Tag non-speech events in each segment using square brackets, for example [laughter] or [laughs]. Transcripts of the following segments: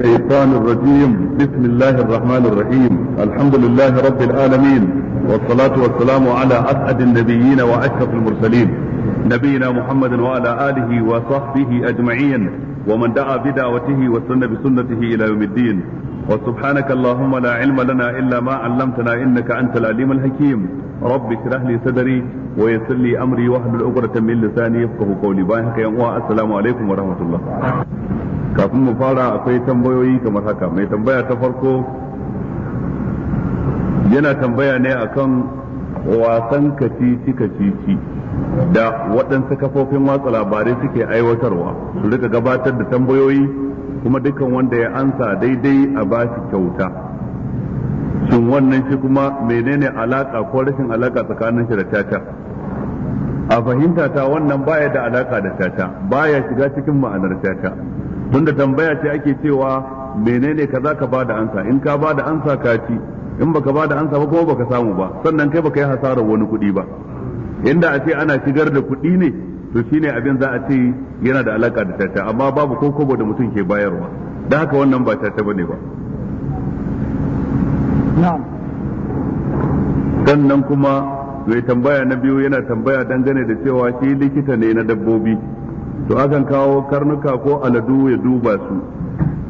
الشيطان الرجيم بسم الله الرحمن الرحيم الحمد لله رب العالمين والصلاة والسلام على أسعد النبيين وأشرف المرسلين نبينا محمد وعلى آله وصحبه أجمعين ومن دعا بدعوته وسن بسنته إلى يوم الدين وسبحانك اللهم لا علم لنا إلا ما علمتنا إنك أنت العليم الحكيم رب اشرح لي صدري ويسر لي أمري واحلل عقدة من لساني يفقه قولي باهك السلام عليكم ورحمة الله kafin mu fara akwai tambayoyi kamar haka mai tambaya ta farko yana tambaya ne akan wasan kacici kacici da waɗansu kafofin watsa labarai suke aiwatarwa su rika gabatar da tambayoyi kuma dukkan wanda ya ansa daidai a ba shi kyauta shin wannan shi kuma menene alaka ko rashin alaka tsakanin shi da caca a fahimta ta wannan baya da alaka da caca baya shiga cikin ma'anar caca tunda tambaya ce ake cewa menene kaza ka bada ansa in ka bada ansa ka ci in baka bada ansa ba kuma baka samu ba sannan kai baka yi hasarar wani kuɗi ba inda a ce ana shigar da kuɗi ne to shine abin za a ce yana da alaka da tata amma babu ko kobo da mutum ke bayarwa da haka wannan ba tata bane ba sannan kuma mai tambaya na biyu yana tambaya dangane da cewa shi likita ne na dabbobi to akan kawo karnuka ko aladu ya duba su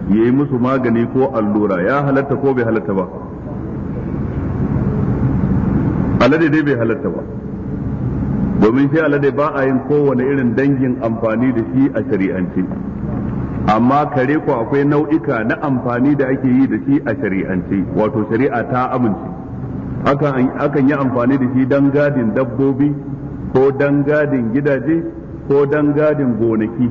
ya yi musu magani ko allura ya halatta ko bai halatta ba alade dai bai halatta ba domin shi alade ba a yin kowane irin dangin amfani da shi a shari'ance amma kare ko akwai nau'ika na amfani da ake yi da shi a shari'ance wato shari'a ta amince akan yi amfani da shi don gadin dabbobi ko don gadin gidaje ko dan gadin gonaki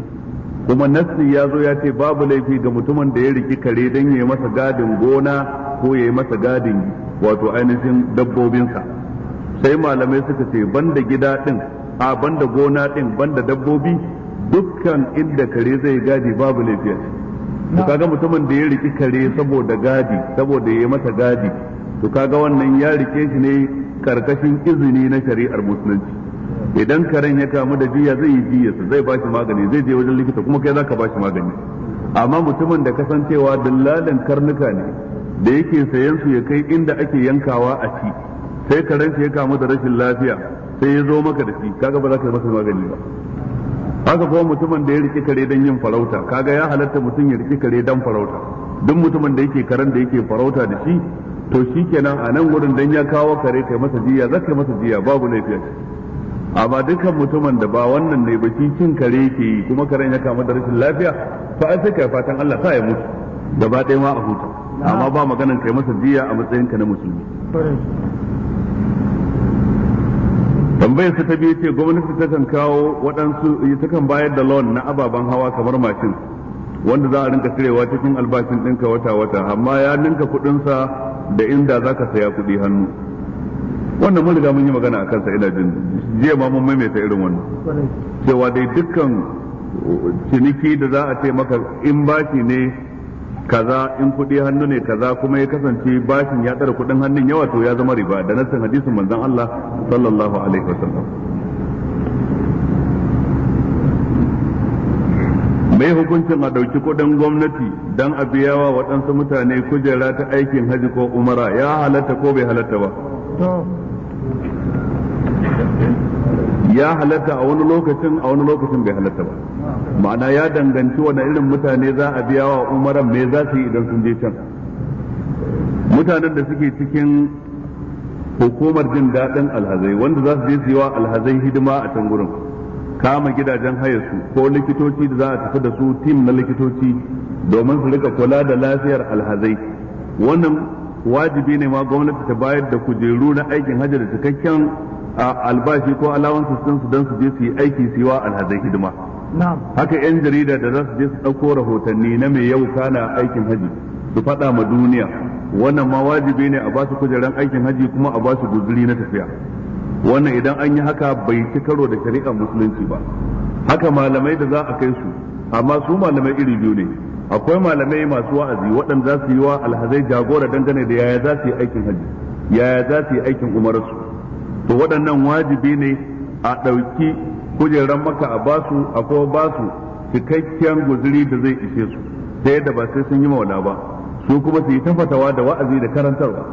kuma nassi ya zo ya ce babu laifi ga mutumin da ya riki kare dan ya yi masa gadin gona ko ya yi masa gadin wato ainihin dabbobinsa sai malamai suka ce banda gida din a banda gona din banda dabbobi dukkan inda kare zai gadi babu laifi to kaga mutumin da ya riki kare saboda gadi saboda ya yi masa gadi to kaga wannan ya rike shi ne karkashin izini na shari'ar musulunci idan karen ya kamu da jiya zai yi jiyarsa zai ba shi magani zai je wajen likita kuma kai zaka ba shi magani amma mutumin da kasancewa dillalin karnuka ne da yake sayan su ya kai inda ake yankawa a ci sai karen ya kamu da rashin lafiya sai ya zo maka da shi kaga ba za ka yi masa magani ba haka kuma mutumin da ya rike kare don yin farauta kaga ya halarta mutum ya rike kare don farauta duk mutumin da yake karen da yake farauta da shi to shikenan a nan wurin dan ya kawo kare kai masa jiya za ka yi masa jiya babu laifiya amma dukkan mutumin da ba wannan ne ba shi cin kare ke yi kuma karen ya kama da rashin lafiya fa an saka fatan Allah sa ya mutu gaba ɗaya ma a huta amma ba maganan kai masa jiya a matsayin ka na musulmi tambayar su ta biyu ce gwamnati ta kan kawo waɗansu ta kan bayar da loan na ababen hawa kamar mashin wanda za a rinka cirewa cikin albashin ɗinka wata-wata amma ya ninka kuɗinsa da inda za ka saya kuɗi hannu wannan mun riga mun yi magana a kansa ina jin jiya ma mun maimaita irin wannan cewa dai dukkan ciniki da za a ce maka in bashi ne kaza in kuɗi hannu ne kaza kuma ya kasance bashin ya tsara kuɗin hannun yawa to ya zama riba da nassin hadisin manzon Allah sallallahu alaihi wasallam mai hukuncin a ɗauki kuɗin gwamnati don a biya wa waɗansu mutane kujera ta aikin hajji ko umara ya halatta ko bai halatta ba ya halatta a wani lokacin a wani lokacin bai halatta ba ma'ana ya danganci wani irin mutane za a biya wa umaran me za su yi idan sun je can mutanen da suke cikin hukumar jin daɗin alhazai wanda za su je su yi wa alhazai hidima a can gurin kama gidajen hayarsu ko likitoci da za a tafi da su tim na likitoci domin su rika kula da lafiyar alhazai wannan wajibi ne ma gwamnati ta bayar da kujeru na aikin hajji da cikakken albashi ko alawansu sun su don su je su yi aiki su alhazai hidima haka yan jarida da za su je su ɗauko rahotanni na mai yau kana aikin haji su faɗa ma duniya wannan ma wajibi ne a ba su kujeran aikin haji kuma a ba su guzuri na tafiya wannan idan an yi haka bai ci karo da shari'ar musulunci ba haka malamai da za a kai su amma su malamai iri biyu ne akwai malamai masu wa'azi waɗanda za su yi wa alhazai jagora dangane da yaya za su yi aikin haji yaya za su yi aikin umararsu to waɗannan wajibi ne a ɗauki kujerar maka a basu a kuma basu cikakken guzuri da zai ishe su ta yadda ba sai sun yi maula ba su kuma su yi tafatawa da wa'azi da karantarwa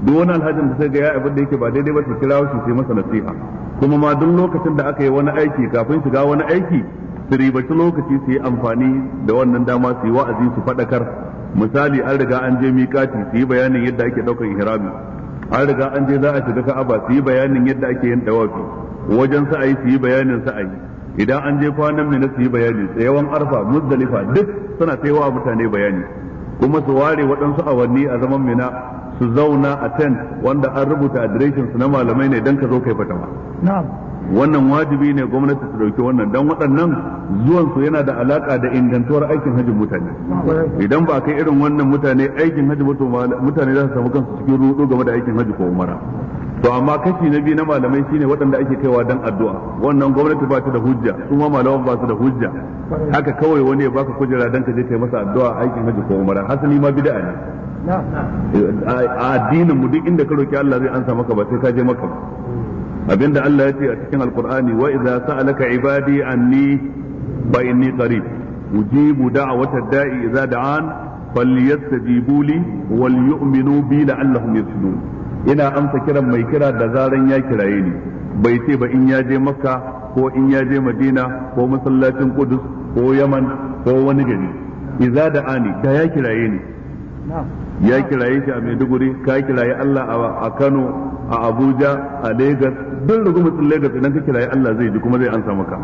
duk wani alhajin da sai ga ya abin da yake ba daidai ba su kira shi sai masa nasiha kuma ma duk lokacin da aka yi wani aiki kafin shiga wani aiki su ribaci lokaci su yi amfani da wannan dama su yi wa'azi su faɗakar misali an riga an je miƙati su yi bayanin yadda ake ɗaukar ihrami an riga an je za a shiga ka'aba su yi bayanin yadda ake yin dawafi wajen sa'ayi su yi bayanin sa'ayi idan an je kwanan mina su yi bayani tsayawan arfa muzdalifa duk suna tsayawa mutane bayani kuma su ware waɗansu awanni a zaman mina su zauna a tent wanda an rubuta adireshin su na malamai ne don ka zo kai fatawa wannan wajibi ne gwamnati su dauki wannan dan waɗannan zuwan su yana da alaka da ingantuwar aikin hajji mutane idan ba kai irin wannan mutane aikin hajji mutane za su samu kansu cikin rudu game da aikin hajji ko umara to amma kashi na biyu na malamai shine waɗanda ake kaiwa dan addu'a wannan gwamnati ba ta da hujja su ma malaman ba su da hujja haka kawai wani ya baka kujera dan ka je kai masa addu'a aikin hajji ko umara hasali ma bid'a ne a addinin mu duk inda ka roki Allah zai ansa maka ba sai ka je maka ba Abin da Allah ya ce a cikin alqur'ani wa idza sa'alaka ibadi anni fa inni qarib ujibu da'wata da'i idza an falyastajibu li wal yu'minu bi la'allahum yaslun ina amsa kiran mai kira da zaran ya kiraye ni bai ce ba in ya je makka ko in ya je madina ko masallacin kudus ko yaman ko wani gari idza da'ani da ya kiraye ni ya kiraye shi a Maiduguri ka kiraye Allah a Kano a Abuja a Lagos duk rugumutsin Lagos idan ka kiraye Allah zai ji kuma zai ansa maka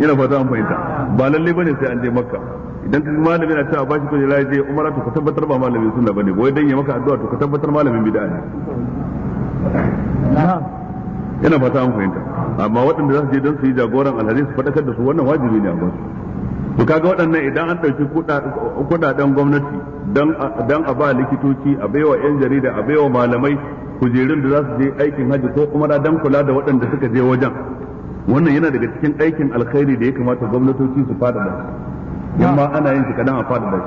ina fata an fahimta ba lalle bane sai an je makka idan kaga malami na cewa bashi kuje lai zai umara to ka tabbatar ba malamin sunna bane boye dan ya maka addu'a to ka tabbatar malamin bid'a ne ina fata an fahimta amma waɗanda za su je don su yi jagoran alhari su faɗakar da su wannan wajibi ne a su to kaga waɗannan idan an ɗauki kuɗaɗen gwamnati dan a ba likitoci a baiwa yan jarida a baiwa malamai kujerun da za su je aikin hajji ko kuma na dan kula da waɗanda suka je wajen wannan yana daga cikin aikin alkhairi da ya kamata gwamnatoci su da in amma ana yin shi kadan a da shi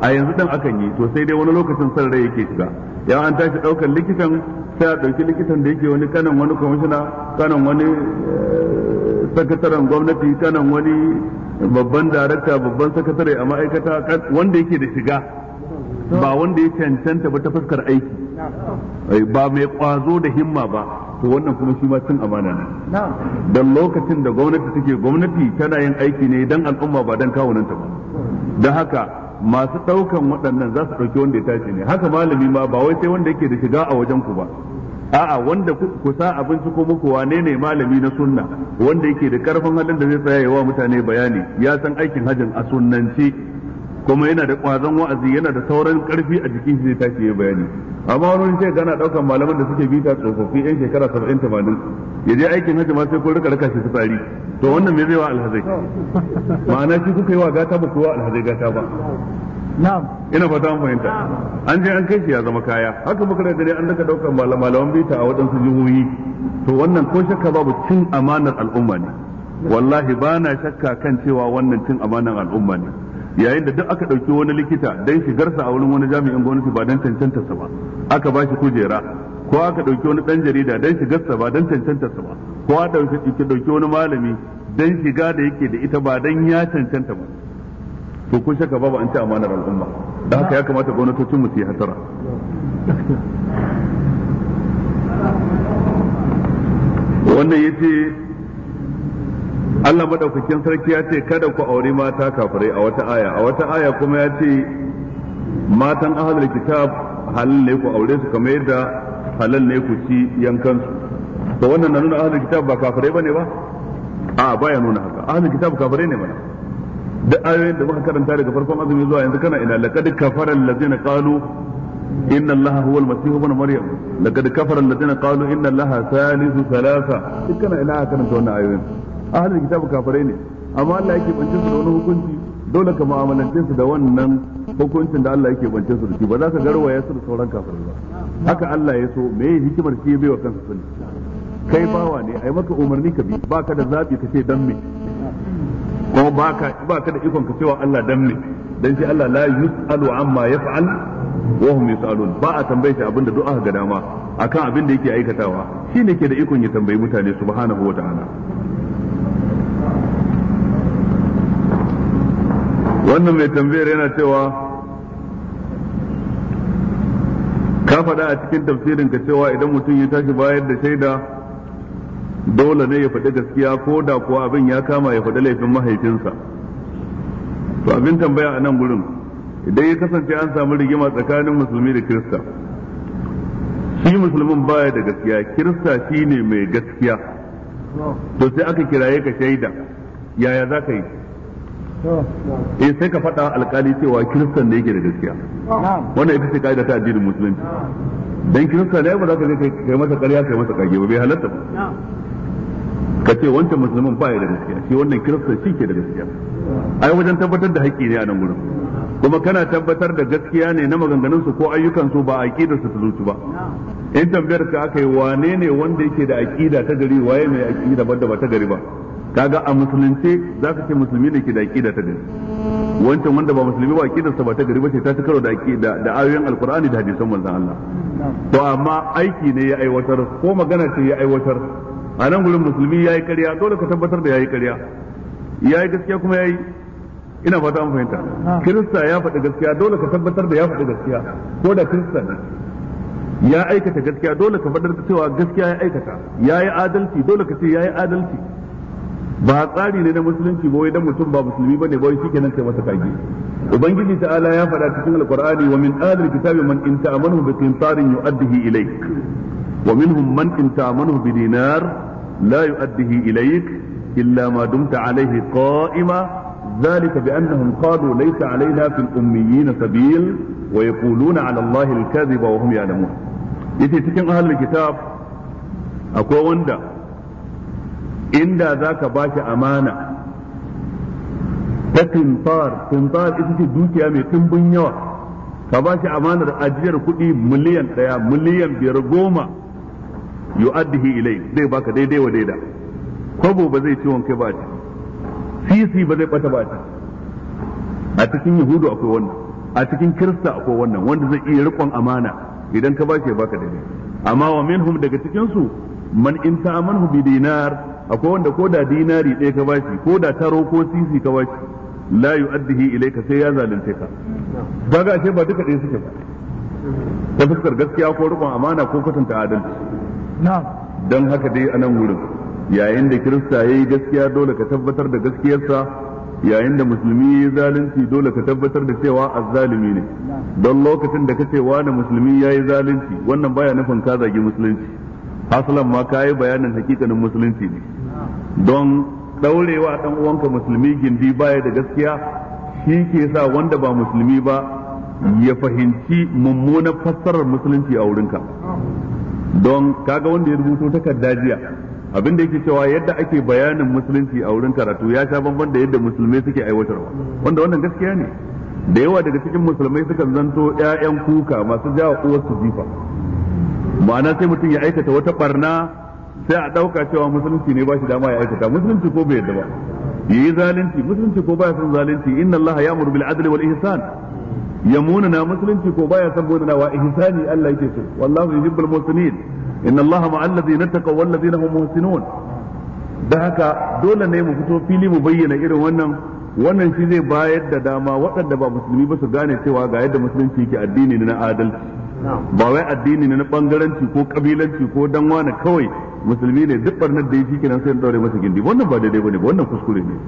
a yanzu dan akan yi to sai dai wani lokacin son rai yake shiga ya an tashi ɗaukar likitan sai a ɗauki likitan da yake wani kanan wani kwamishina kanan wani eh, sakataren gwamnati kanan wani babban darakta babban sakatare a ma'aikata wanda yake da shiga ba wanda ya cancanta ba ta fuskar aiki eh, ba mai kwazo da himma ba to wannan kuma shi ma cin amana ne dan lokacin da gwamnati take gwamnati tana yin aiki ne dan al'umma ba dan kawunanta ba da haka masu ɗaukan waɗannan za su ɗauki wanda ya tashi ne haka malami ma ba wai sai wanda yake da shiga a wajen ku ba a'a wanda ku sa abin su ko muku wane ne malami na sunna wanda yake da karfin halin da zai tsaya wa mutane bayani ya san aikin hajin a sunnance kuma yana da kwazon wa'azi yana da sauran karfi a jikin shi zai tashi ya bayani amma wani sai gana daukan malaman da suke bita tsofaffi yan shekara 70 80 ya je aikin haji ma sai ko rika rika shi fitsari to wannan me zai wa alhazai ma'ana shi kuka yi wa gata ba ku wa alhazai gata ba ina fata mun fahimta an je an kai shi ya zama kaya haka muka da dare an daka daukan malaman bita a waɗansu jihohi to wannan ko shakka babu cin amanar al'umma ne wallahi ba na shakka kan cewa wannan cin amanar al'umma ne yayin da duk aka ɗauki wani likita don shigarsa a wurin wani jami'in gwamnati ba don cancanta ba aka ba shi kujera ko aka ɗauki wani ɗan jarida don shigarsa ba don cancanta ba ko aka ɗauki wani malami don shiga da yake da ita ba don ya cancanta ba to kun shaka babu an ci amanar al'umma da haka ya kamata gwamnatocin mu su yi hasara wannan yace Allah madaukakin sarki ya ce kada ku aure mata kafirai a wata aya a wata aya kuma ya ce matan ahlul kitab halal ne ku aure su kamar yadda halal ne ku ci yankan su to wannan na nuna ahlul kitab ba kafirai bane ba a baya nuna haka ahlul kitab kafirai ne bane duk ayoyin da muka karanta daga farkon azumi zuwa yanzu kana ina laqad kafara allazina qalu inna allaha huwa almasih ibn maryam laqad kafara allazina qalu inna allaha thalithu thalatha duk kana ina karanta wannan ayoyin ahalin kitabu kafirai ne amma Allah yake bance su da wani hukunci dole ka mu'amalance su da wannan hukuncin da Allah yake bance su da shi ba za ka garwa su da sauran kafirai ba haka Allah ya so me hikimar shi bai wa kansa sun? kai bawa ne ai maka umarni ka bi baka da zabi ka ce dan me kuma baka baka da ikon ka cewa Allah dan me dan shi Allah la yusalu amma yaf'al wa hum yusalun ba a tambaye shi abinda du'a ga dama akan abin da yake aikatawa shi ne ke da ikon ya tambayi mutane subhanahu wa ta'ala wannan mai tambayar yana cewa ka faɗa a cikin tafsirin ka cewa idan mutum ya tashi bayar da shaida dole ne ya faɗi gaskiya ko da kuwa abin ya kama ya faɗi laifin mahaifinsa to abin tambaya a nan gurin idan ya kasance an samu rigima tsakanin musulmi da kirista shi musulmin baya da gaskiya kirista shi ne mai gaskiya to sai aka kiraye ka shaida yaya za ka yi eh sai ka faɗa alkali cewa kiristan ne yake da gaskiya wannan ita ce kaida ta addinin musulunci dan kiristan ne ba za ka je kai masa ƙarya kai masa kage ba bai halatta ba ka ce wancan musulmin ba ya da gaskiya shi wannan kiristan shi ke da gaskiya ai wajen tabbatar da haƙƙi ne a nan gurin kuma kana tabbatar da gaskiya ne na maganganun su ko ayyukan su ba aqidar su ta zuci ba in tambayar ka aka yi wane ne wanda yake da aqida ta gari waye mai aqida ba da ba ta gari ba kaga a musulunci za ka ce musulmi ne ke da aƙida ta gari wancan wanda ba musulmi ba sa ba ta gari ba ce ta ci karo da da ayoyin alkur'ani da hadisan manzon Allah to amma aiki ne ya aiwatar ko magana ce ya aiwatar a nan gurin musulmi ya yi ƙarya dole ka tabbatar da ya yi ƙarya ya yi gaskiya kuma ya yi ina fata an fahimta kirista ya faɗi gaskiya dole ka tabbatar da ya faɗi gaskiya ko da kirista ne ya aikata gaskiya dole ka faɗar cewa gaskiya ya aikata ya yi adalci dole ka ce ya yi adalci ba tsari ne na musulunci ba wai dan mutum ba musulmi ba ne ba wai shikenan sai masa kage ubangiji ta'ala ya faɗa cikin alqur'ani wa min ahli kitabi man in ta'amanu bi qintarin yu'addihi ilayk wa minhum man in ta'amanu bi dinar la yu'addihi ilayk illa ma dumta alayhi qa'ima ذلك بأنهم قالوا ليس علينا في الأميين سبيل ويقولون على الله الكذب وهم يعلمون يتي تكن أهل الكتاب أكو وندا inda za ka ba shi amana ta tintar tintar ita ce dukiya mai dimbin yawa ka ba bashi amanar ajiyar kuɗi miliyan ɗaya miliyan biyar goma addihi ilai zai baka daidai wa daida kwabo ba zai ciwon kai ba sisi ba zai bata ba a cikin yahudu akwai wannan a cikin kirista akwai wannan wanda zai iya rikon amana idan ka ba bashi ya baka daidai amma wa minhum daga cikinsu man in ta'amanhu bi dinar akwai wanda ko da dinari ɗaya ka bashi ko da taro ko sisi ka bashi la yu'addihi ilayka sai ya zalunce ka ga ashe ba duka ɗaya suke ba ta fuskar gaskiya ko rikon amana ko kwatanta adalci don haka dai anan wurin yayin da kirista yayi gaskiya dole ka tabbatar da gaskiyarsa yayin da musulmi yayi zalunci dole ka tabbatar da cewa azzalimi ne don lokacin da ka ce wani musulmi yayi zalunci wannan baya nufin ka zagi musulunci aslan ma kayi bayanin hakikanin musulunci ne don daurewa dan uwanka musulmi gindi baya da gaskiya shi ke sa wanda ba musulmi ba ya fahimci mummunar fassarar musulunci a wurinka don kaga wanda ya rubuto takarda jiya abin da yake cewa yadda ake bayanin musulunci a wurin karatu ya sha bamban da yadda musulmai suke aiwatarwa wanda wannan gaskiya ne da yawa daga cikin musulmai suka zanto 'ya'yan kuka masu jawo uwar su jifa ma'ana sai mutum ya aikata wata barna sai a ɗauka cewa musulunci ne ba shi dama ya aikata musulunci ko bai yadda ba yi zalunci musulunci ko baya son zalunci inna allaha ya bil adli wal ihsan yamuna na musulunci ko baya son bodana wa ihsani Allah yake so wallahu yuhibbul muhsinin inna allaha ma'al ladzina taqaw wal ladzina hum muhsinun da haka dole ne mu fito fili mu bayyana irin wannan wannan shi zai bayar da dama waɗanda ba musulmi ba su gane cewa ga yadda musulunci yake addini na adalci ba wai addini ne na bangaranci ko kabilanci ko dan wani kawai musulmi ne duk barnar da yake nan sai daure masa gindi wannan ba daidai bane wannan kuskure ne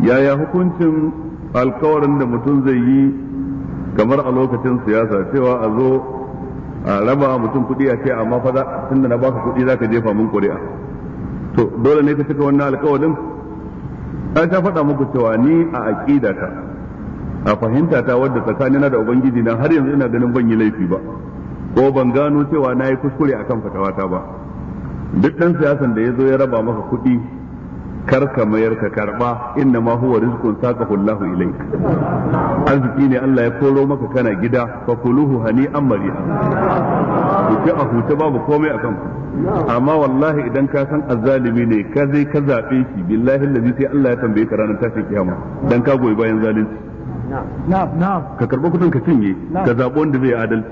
yaya hukuncin alkawarin da mutum zai yi kamar a lokacin siyasa cewa a zo a raba mutum kuɗi a ce amma fa tunda na baka kuɗi zaka jefa mun kuri'a to dole ne ka cika wannan alkawarin an ta faɗa muku cewa ni a aƙidata a fahimta ta wadda na da ubangiji na har yanzu ina ganin ban yi laifi ba ko ban gano cewa na yi kuskure akan fatawata ba duk ɗan siyasan da ya zo ya raba maka kuɗi kar ka mayar ka karɓa inna ma huwa rizqun saqahu Allahu ilayk arziki ne Allah ya koro maka kana gida fa kuluhu hani an mari'a ku a huta babu komai akan ku amma wallahi idan ka san azzalimi ne ka zai ka zabe shi billahi allazi sai Allah ya tambaye ka ranar tashin kiyama dan ka goyi bayan zalunci ka karɓi kudin ka cinye ka zaɓi wanda zai adalci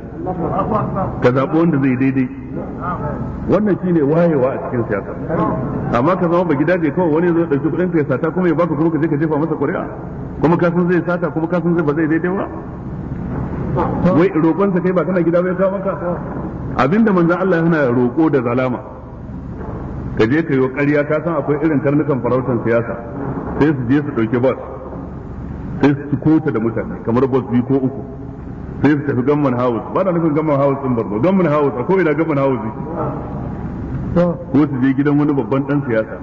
ka zaɓi wanda zai daidai wannan shine wayewa a cikin siyasa amma ka zama ba gida ne kawai wani zai ɗauki kudin ka ya sata kuma ya baka kuma ka je ka jefa masa ƙuri'a kuma ka san zai sata kuma ka san zai ba zai daidai ba wai roƙonsa kai ba kana gida bai kawo maka abinda manzon Allah yana roƙo da zalama ka je ka yi ƙarya ka san akwai irin karnukan farautar siyasa sai su je su ɗauki bas sai su kota da mutane kamar bas biyu ko uku sai su tafi gamman house ba na nufin gamman house din barno gamman house a na gamman house ko su je gidan wani babban dan siyasa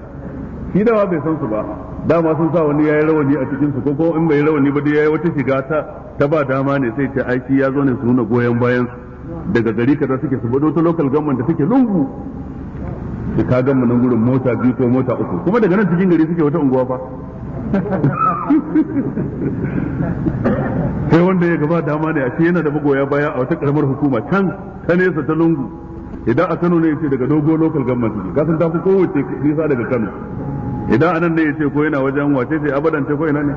shi dawa bai san su ba dama sun sa wani yayi rawani a cikin su ko ko in bai rawani ba dai yayi wata shiga ta ta ba dama ne sai ta aiki ya zo ne su nuna goyon bayan su daga gari kaza suke su bado ta local gamman da suke lungu su ka gamman nan gurin mota biyu ko mota uku kuma daga nan cikin gari suke wata unguwa fa [laughs] sai wanda ya gaba dama ne a ce yana da magoya baya a wata karamar hukuma can ta nesa ta lungu idan a Kano ne ce daga dogo local government ne kasan ta fi kowace nisa daga Kano idan anan ne ce ko yana wajen wace ce abadan ce ko ina ne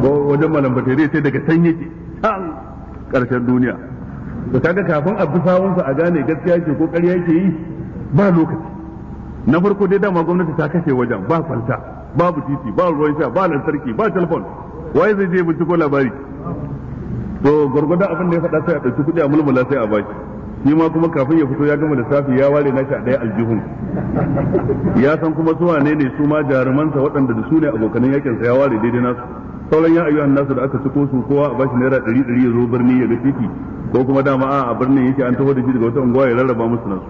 ko wajen malam ya ce daga can yake can karshen duniya to kaga kafin a bisawunsa a gane gaskiya ke ko ƙarya yake yi ba lokaci na farko dai dama gwamnati ta kashe wajen ba kwalta babu titi ba ruwan sha ba lantarki ba telefon waye zai je binciko labari to gwargwadon abin da ya faɗa sai a ɗauki kuɗi a mulmula sai a baki shi ma kuma kafin ya fito ya gama lissafi ya ware nashi a ɗaya aljihun ya san kuma su wane ne su ma jarumansa waɗanda da su ne abokanan yakin sa ya ware daidai nasu sauran ya ayyuhan nasu da aka ciko su kowa a bashi naira ɗari ɗari ya zo birni ya ga titi ko kuma dama a birnin yake an taho da shi daga wata unguwa ya rarraba musu nasu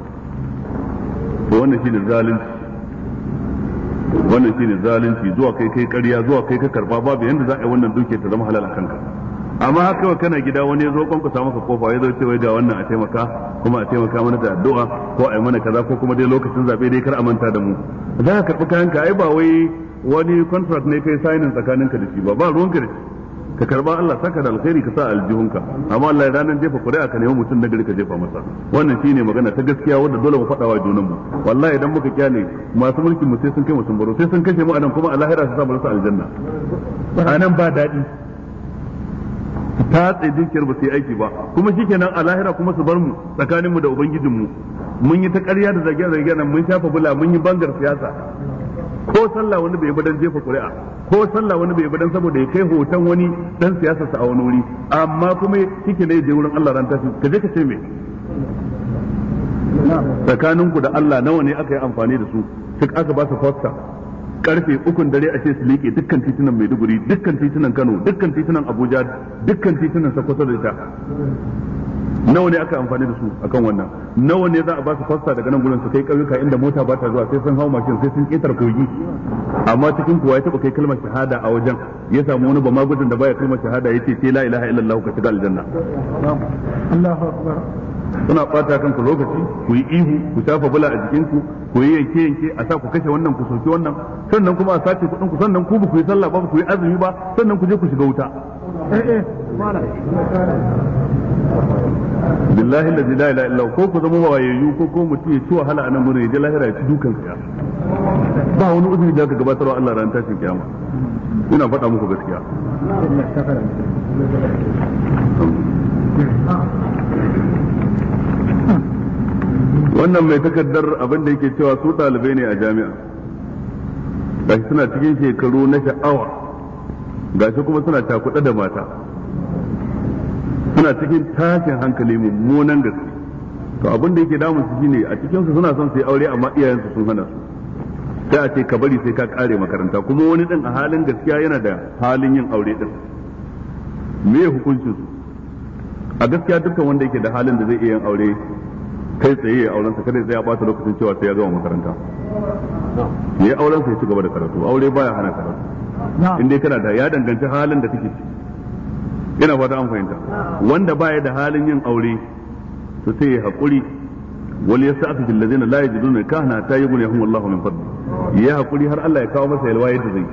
to wannan shi da zalunci wannan shine zalunci zuwa kai kai ƙarya zuwa kai ka karba babu yanda za a yi wannan duke ta zama halal a kanka amma haka kawai kana gida wani ya zo kwankwasa maka kofa ya zo cewa ga wannan a taimaka kuma a taimaka mana da addu'a ko a yi mana kaza ko kuma dai lokacin zabe dai kar a manta da mu za ka karbi kayanka ai ba wai wani contract ne kai signing tsakaninka da shi ba ba ruwan gari. ka karba Allah saka da alkhairi ka sa aljihunka amma Allah ya ranar jefa kuri'a ka nemi mutum gari ka jefa masa wannan shine magana ta gaskiya wanda dole mu faɗa wa junan mu wallahi idan muka kyale masu mulkin mu sai sun kai mu baro sai sun kashe mu anan kuma a lahira su sa mu rasa aljanna anan ba daɗi ta tsaye dukiyar ba su yi aiki ba kuma shi kenan a lahira kuma su bar mu tsakaninmu da ubangijinmu mun yi ta karya da zage-zage nan mun shafa bula mun yi bangar siyasa ko sallah wani bai badan jefa kuri'a ko sallah wani bai badan saboda ya kai hoton wani dan siyasa sa a wani wuri amma kuma kike ne je wurin Allah ran tashi ka je ka ce me tsakanin ku da Allah nawa ne aka yi amfani da su duk aka ba su fosta karfe ukun dare a ce su liƙe dukkan titunan Maiduguri dukkan titunan Kano dukkan titunan Abuja dukkan titunan Sokoto da ita nawa ne aka amfani da su akan wannan nawa ne za a ba su fasta daga nan gurin su kai kauyuka inda mota ba ta zuwa sai sun hau mashin sai sun ƙetar kogi amma cikin kuwa ya taɓa kai kalmar shahada a wajen ya samu wani ba magudin da baya kalmar shahada ya ce sai la ilaha illallah ka shiga aljanna Allahu akbar kuna ɓata ku lokaci ku yi ihu ku shafa bula a jikinku ku yi yanke yanke a sa ku kashe wannan ku soki wannan sannan kuma a sace kuɗin ku sannan ku ba ku yi sallah ba ku yi azumi ba sannan ku je ku shiga wuta eh, eh. malam billahi la ilaha illa ko ku zama wayayyu ko ko mutum ya ci wahala a nan gurin ya je lahira ya ci dukan siya ba wani uzuri da aka gabatar wa Allah ran tashin kiyama ina faɗa muku gaskiya wannan mai takardar abin da yake cewa su ɗalibai ne a jami'a gashi suna cikin shekaru na sha'awa gashi kuma suna cakuɗa da mata suna cikin tashin hankali mummunan gaske to abin da yake damun su shine a cikin su suna son su yi aure amma iyayensu sun hana su sai a ce ka bari sai ka kare makaranta kuma wani din a halin gaskiya yana da halin yin aure din me hukuncin su a gaskiya dukkan wanda yake da halin da zai iya yin aure kai tsaye ya auren sa kada zai ya bata lokacin cewa sai ya gama makaranta ya auren sa ya ci gaba da karatu aure baya hana karatu in dai kana da ya danganci halin da kake ciki ina fata an fahimta wanda baya da halin yin aure to sai ya hakuri wal yasta'fifu allazina la yajiduna kahna tayyibun yahum Allahu min fadl ya hakuri har Allah ya kawo masa yalwa da zai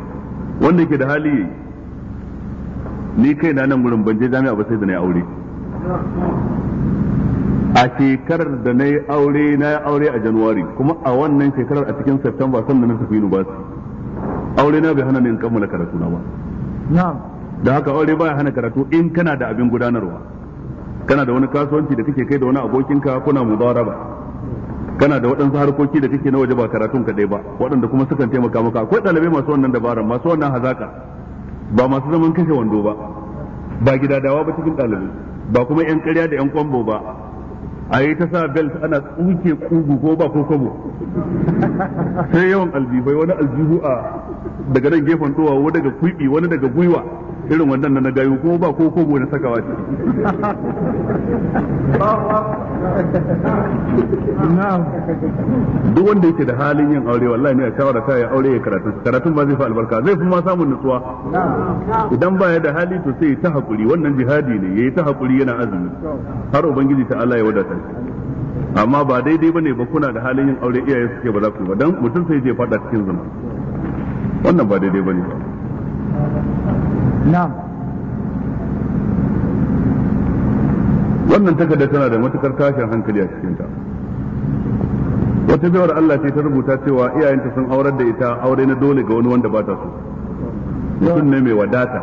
wanda yake da hali ni kai na nan gurin ban je jami'a ba sai da na yi aure a shekarar da na yi aure na yi aure a januwari kuma a wannan shekarar a cikin september sannan na tafi university aure na bai hana ni in kammala karatu na ba na'am da haka aure baya hana karatu in kana da abin gudanarwa kana da wani kasuwanci da kake kai da wani abokinka kuna mudaraba kana da waɗansu harkoki da kake na waje ba karatun kaɗai ba waɗanda kuma sukan taimaka maka akwai ɗalibai masu wannan dabara masu wannan hazaka ba masu zaman kashe wando ba ba gida dawa ba cikin ɗalibai ba kuma yan ƙarya da yan kwambo ba a yi ta sa belt ana tsuke kugu ko ba ko kwabo sai yawan aljihu wani aljihu a daga nan gefen towa wani daga kwibi wani daga gwiwa irin wannan na gayu kuma ba ko kogo na sakawa ciki duk wanda yake da halin yin aure wallahi ne a shawara ta ya aure ya karatu karatun ba zai fi albarka zai fi ma samun nutsuwa idan ba ya da hali to sai ta hakuri wannan jihadi ne yayi ta hakuri yana azumi har ubangiji ta Allah ya wadata amma ba daidai bane ba kuna da halin yin aure iyaye suke ba za ku ba dan mutum sai je fada cikin zuma wannan ba daidai ba ne na'am wannan takarda tana da matukar tashin hankali a cikinta wata baiwar Allah ce ta rubuta cewa iyayenta sun aurar da ita aure na dole ga wani wanda ba ta so mutum ne mai wadata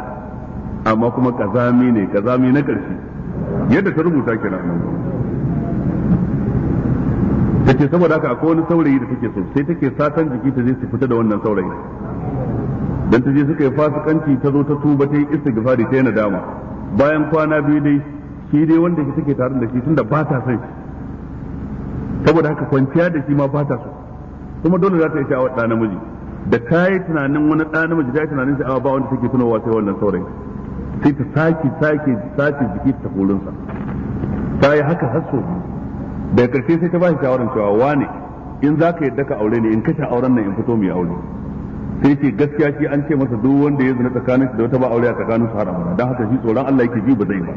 amma kuma kazami ne kazami na ƙarshe yadda ta rubuta kenan take saboda haka akwai wani saurayi da take so sai take satan jiki ta je su fita da wannan saurayi dan ta je suka yi fasikanci ta zo ta tuba ta yi istighfari ta yi nadama bayan kwana biyu dai shi dai wanda ke take tare da shi tunda ba ta son shi saboda haka kwanciya da shi ma ba ta so kuma dole za ta yi sha'awar ɗa namiji da ta yi tunanin wani ɗa namiji ta yi tunanin sha'awa ba wanda take tunawa sai wannan saurayi sai ta sake sake sace jiki ta kurinsa ta yi haka har so daga ƙarshe sai ta ba shi shawarar cewa wane in za ka yadda ka aure ne in kashe auren nan in fito mai aure sai ce gaskiya shi an ce masa duk wanda ya zina tsakanin da wata ba aure a tsakanin su har abada dan haka shi tsoron Allah yake ji ba zai ba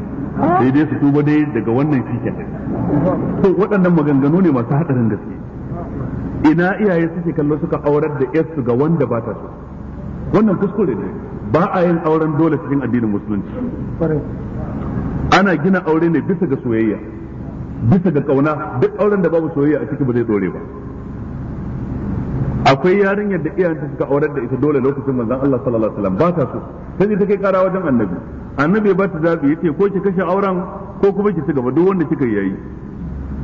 sai dai su tuba dai daga wannan shi kenan to waɗannan maganganu ne masu hadarin gaske ina iyaye suke kallo suka aurar da su ga wanda ba ta so wannan kuskure ne ba a yin auren dole cikin addinin musulunci ana gina aure ne bisa ga soyayya bisa ga kauna duk auren da babu soyayya a ciki ba zai dore ba akwai yarinyar da iyayenta suka aurar da ita dole lokacin manzon Allah sallallahu alaihi wasallam ba ta so sai ta kai kara wajen annabi annabi ba ta zabi yace ko ki kashe auren ko kuma ki cigaba duk wanda kika yayi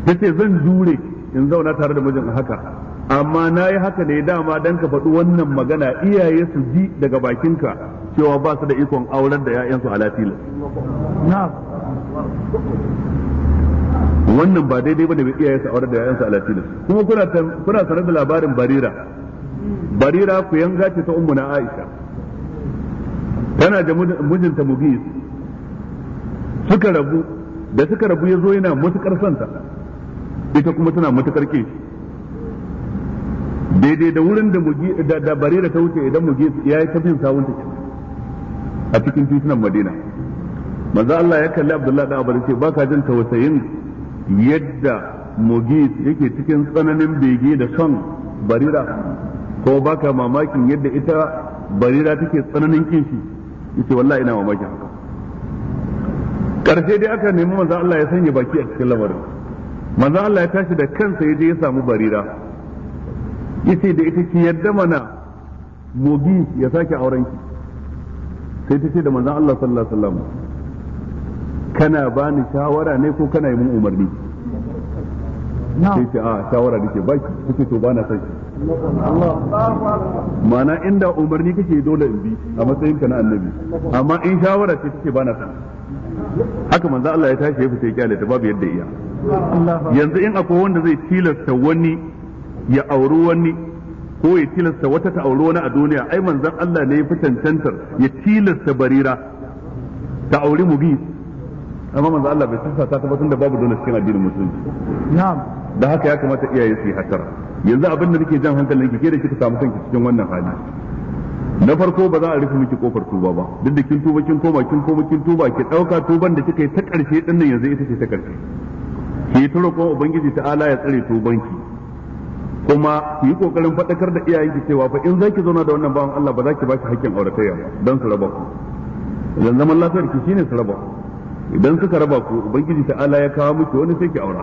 tace zan jure in zauna tare da mijin haka amma na yi haka ne dama dan ka faɗi wannan magana iyaye su ji daga bakinka cewa ba su da ikon aurar da 'ya'yansu a latila wannan ba daidai ba da bai iyayensa aure da yayansa alati da kuma kuna kuna sanar da labarin barira barira ku yanga ce ta ummuna aisha tana da mijinta mugis suka rabu da suka rabu ya zo yana matukar santa ita kuma tana matukar ke daidai da wurin da mugi da barira ta wuce idan mugi ya yi tafin sawunta a cikin titunan madina manzo Allah ya kalli Abdullahi da Abu ce baka jin tausayin yadda mugis yake cikin tsananin bege da son barira ko baka mamakin yadda ita barira take tsananin kinshi yake wallahi ina mamakin haka karshe dai aka nemi manzo Allah ya sanya baki a cikin lamarin manzo Allah ya tashi da kansa yaje ya samu barira yace da ita ki yadda mana mugis ya sake aurenki sai ta ce da manzo Allah sallallahu alaihi wasallam kana bani shawara ne ko kana yi mun umarni sai ce a shawara nake shi kuke to bana sai ma'ana inda umarni kake dole in bi a matsayin ka na annabi amma in shawara ce kake bana sai haka manzo Allah ya tashi ya fita ya kyale ta babu yadda iya yanzu in akwai wanda zai tilasta wani ya auri wani ko ya tilasta wata ta auri wani a duniya ai manzon Allah ne ya fi cancantar ya tilasta barira ta auri bi. amma manzo Allah bai tsasa ta da babu dole cikin addinin musulunci na'am da haka ya kamata iyaye su yi hatara yanzu abin da nake jan hankalin ki ke da kika samu kanki cikin wannan hali na farko ba za a rufe miki kofar tuba ba duk da kin tuba kin koma kin koma kin tuba ki dauka tuban da kika yi ta karshe din nan yanzu ita ce ta karshe ki ta kuma ubangiji ta'ala ya tsare tubanki kuma ki yi kokarin faɗakar da iyayenki cewa fa in zaki zauna da wannan bawan Allah ba za ki ba shi haƙƙin auratayya don su raba ku idan zaman lafiyar ki shine su raba ku idan suka raba ku ubangiji ta'ala ya kawo miki wani sai ki aura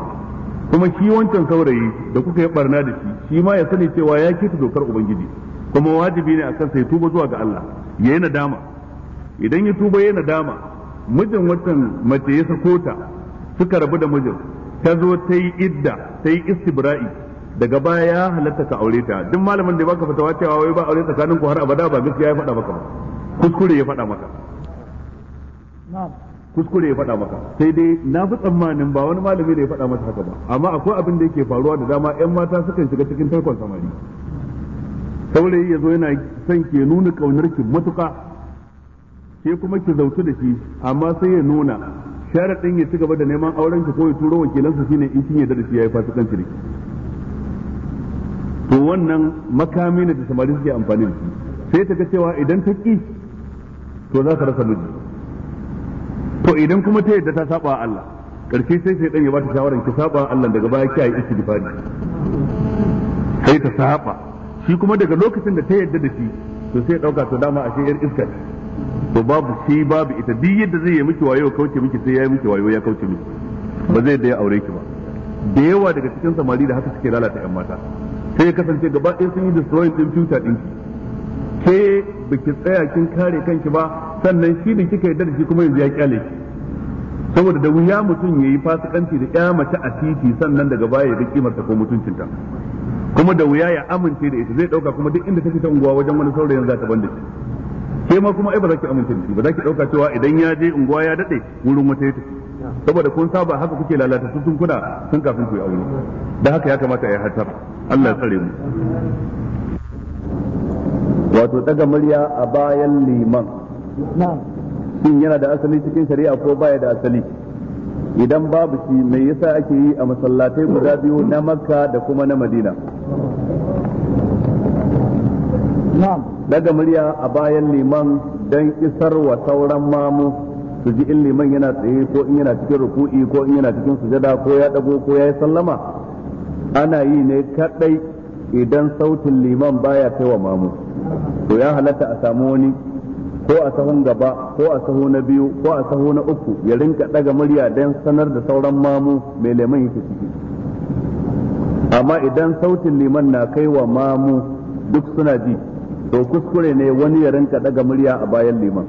kuma shi wancan saurayi da kuka yi barna da shi shi ma ya sani cewa ya kita dokar ubangiji kuma wajibi ne akan sai tuba zuwa ga Allah yayi nadama idan ya tuba yayi nadama mijin wancan mace ya sako ta suka rabu da mijin ta zo ta yi idda ta yi istibra'i daga baya ya halatta ka aure ta duk malamin da baka fatawa cewa wai ba aure tsakanin ku har abada ba gaskiya ya faɗa maka ba kuskure ya faɗa maka na'am kuskure ya faɗa maka sai dai na fi tsammanin ba wani malami da ya faɗa masa haka ba amma akwai abin da yake faruwa da dama yan mata sukan shiga cikin tarkon samari saurayi ya zo yana son ke nuna ƙaunar ki matuƙa ke kuma ki zautu da shi amma sai ya nuna sharaɗin ya ci gaba da neman auren ki ko ya turo su shine in kin yarda da shi yayi fasikanci da to wannan makami ne da samari suke amfani da shi sai ta ga cewa idan ta ki to za ka rasa miji to idan kuma ta yadda ta saba Allah karshe sai sai dan ya bata shawaran ki saba Allah daga baya ki yi istighfari sai ta saba shi kuma daga lokacin da ta yadda da shi to sai dauka to dama ashe yar iska to babu shi babu ita duk yadda zai yi miki wayo kauce miki sai ya miki wayo ya kauce miki ba zai da ya aure ki ba da yawa daga cikin samari da haka suke lalata yan mata sai ya kasance gaba ɗaya sun yi destroying din future ɗinki ke baki tsaya kin kare kanki ba sannan shi da kika yarda da shi kuma yanzu ya kyale ki saboda da wuya mutum yayi fasikanci da ya mace a titi sannan daga baya ya kimar ta ko mutuncinta kuma da wuya ya amince da ita zai dauka kuma duk inda take ta unguwa wajen wani saurayin za ta banda shi ke ma kuma ai ba za ki amince da shi ba za ki dauka cewa idan ya je unguwa ya dade wurin wata ya tafi saboda kun saba haka kuke lalata tun kuna tun kafin ku yi aure da haka ya kamata ya hatar Allah ya tsare mu wato daga murya a bayan liman shin yana da asali cikin shari'a ko baya da asali idan babu shi me yasa ake yi a masallatai guda biyu na makka da kuma na madina daga murya a bayan liman don isar wa sauran mamu su ji in liman yana tsaye ko in yana cikin ruku'i ko in yana cikin sujada ko ya dago ko ya yi sallama ana yi ne kadai idan sautin liman baya kai wa mamu to ya halatta a samu wani ko a sahun gaba ko a sahu na biyu ko a sahu na uku ya rinka daga murya don sanar da sauran mamu mai leman yake ciki amma idan sautin liman na kaiwa mamu duk suna ji to kuskure ne wani ya rinka daga murya a bayan liman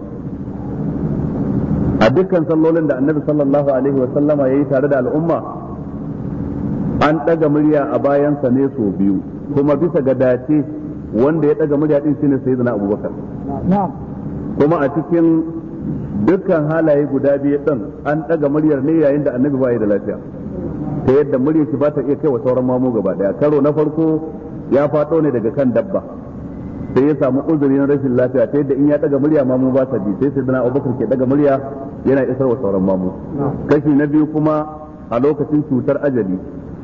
a dukkan sallolin da annabi sallallahu alaihi wa sallama yayi tare da al'umma an daga murya a bayansa ne sau biyu kuma bisa ga dace wanda ya daga murya din shine sayyidina abubakar kuma a cikin dukkan halaye guda biyu din an daga muryar ne yayin da annabi ba ya da lafiya ta yadda muryar shi ba ta iya kaiwa sauran mamu gaba daya karo na farko ya fado ne daga kan dabba sai ya samu uzuri na rashin lafiya ta yadda in ya daga murya mamu ba ta bi sai sayyidina abubakar ke daga murya yana isar wa sauran mamu kashi na biyu kuma a lokacin cutar ajali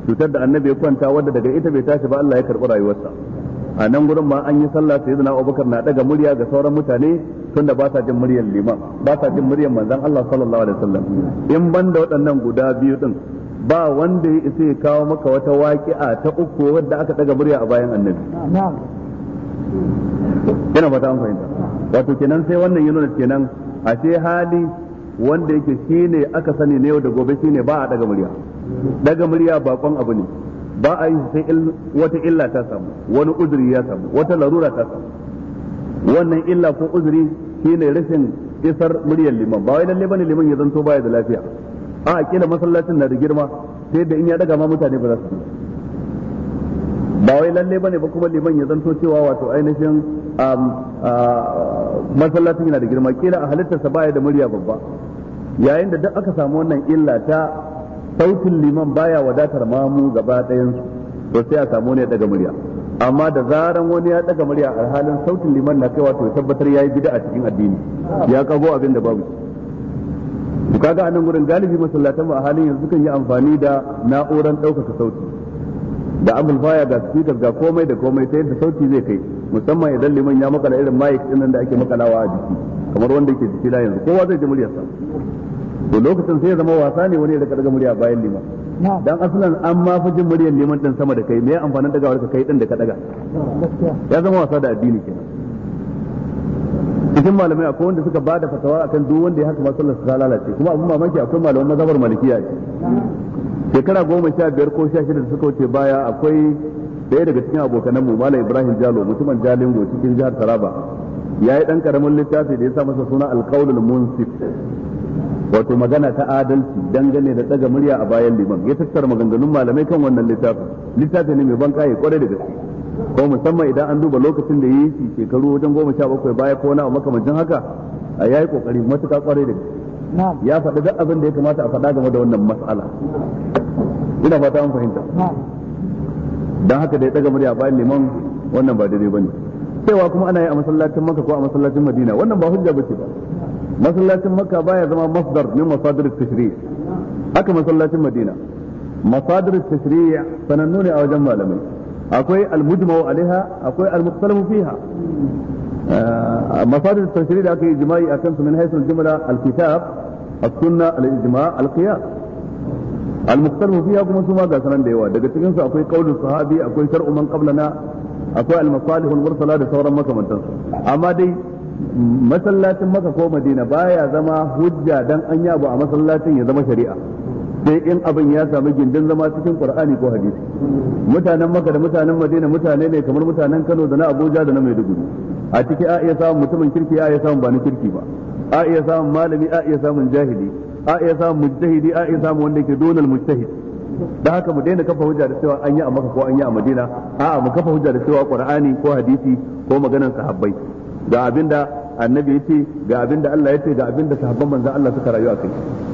cutar da annabi ya kwanta wadda daga ita bai tashi ba Allah ya karɓi rayuwarsa a nan gurin ma an yi sallah sai zina abubakar na daga murya ga sauran mutane da ba sa jin muryar liman ba sa jin muryar manzon Allah sallallahu alaihi wasallam in ban da waɗannan guda biyu din ba wanda ya isa ya kawo maka wata waƙi'a ta uku wadda aka daga murya a bayan annabi yana fata an fahimta wato kenan sai wannan yi nuna kenan a ce hali wanda yake shine aka sani ne yau da gobe shine ba a daga murya daga murya bakon abu ne ba a yi sai wata illa ta samu wani uzuri ya samu wata larura ta samu wannan illa ko uzuri shine rashin isar muryar liman ba wai lalle bane liman ya zanto baya da lafiya a kila masallacin na da girma sai da in ya daga ma mutane ba za su ba wai lalle bane ba kuma liman ya zanto cewa wato ainihin masallacin yana da girma kila a halittarsa baya da murya babba yayin da duk aka samu wannan illa ta sautin liman baya wadatar mamu gaba ɗayan su to sai a samu ne daga murya amma da zaran wani ya daga murya a halin sautin liman na kaiwa to ya tabbatar yayi bid'a cikin addini ya kago abin da babu to kaga anan gurin galibi masallatan mu a halin yanzu kan yi amfani da na'uran ɗaukaka sauti da amplifier ga speaker ga komai da komai sai yadda sauti zai kai musamman idan liman ya makala irin mic din da ake makalawa a jiki kamar wanda yake jiki la yanzu kowa zai ji muryarsa to lokacin sai ya zama wasa ne wani ya rika daga murya bayan liman dan asalan an ma fi jin muryar liman din sama da kai me amfanin daga ka kai din da ka daga ya zama wasa da addini kenan cikin malamai akwai wanda suka bada fatawa akan duk wanda ya haka ma sallar ta lalace kuma abun mamaki akwai malaman mazhabar malikiya ce shekara goma sha biyar ko sha shida da suka wuce baya akwai daya daga cikin abokanan mu malam ibrahim jalo mutumin jalingo cikin jihar taraba ya yi dan karamin littafi da ya sa masa suna alkaulul munsif wato magana ta adalci dangane da daga murya a bayan liman ya tattara maganganun malamai kan wannan littafin littafin ne mai ban kaye kwarai da gaske ko musamman idan an duba lokacin da yayi shi shekaru wajen goma sha bakwai baya ko wani abu makamancin haka a yayi kokari matuƙa kwarai da gaske ya faɗi duk abin da ya kamata a faɗa game da wannan matsala, ina fata an fahimta dan haka da ya daga murya bayan liman wannan ba daidai bane cewa kuma ana yi a masallacin Makka ko a masallacin madina wannan ba hujja bace ba masallacin makka baya zama masdar min masadir tashri' haka masallacin madina masadir tashri' sanannu ne a wajen malamai akwai al-mujma'u alaiha akwai al-mukhtalafu fiha eh, masadir tashri' da aka yi jima'i akan su min haythu al-jumla al-kitab as-sunna al-ijma' al fiha kuma su ma ga sanan da yawa daga cikin su akwai qaulul sahabi akwai shar'u man qablana akwai al-masalih al-mursala da sauran makamantansu amma dai masallacin maka ko madina baya zama hujja dan an yabo a masallacin ya zama shari'a sai in abin ya sami gindin zama cikin qur'ani ko hadisi mutanen maka da mutanen madina mutane ne kamar mutanen kano da na abuja da na maiduguri a ciki a iya samun mutumin kirki a iya samun ba ni kirki ba a iya samun malami a iya samun jahili a iya samun mujtahidi a iya samun wanda yake donal mujtahid da haka mu daina kafa hujja da cewa an yi a maka ko an yi a madina a'a mu kafa hujja da cewa qur'ani ko hadisi ko maganar sahabbai ga abinda annabi yace ga abinda Allah yace ga abinda sahabban manzon Allah suka rayu a kai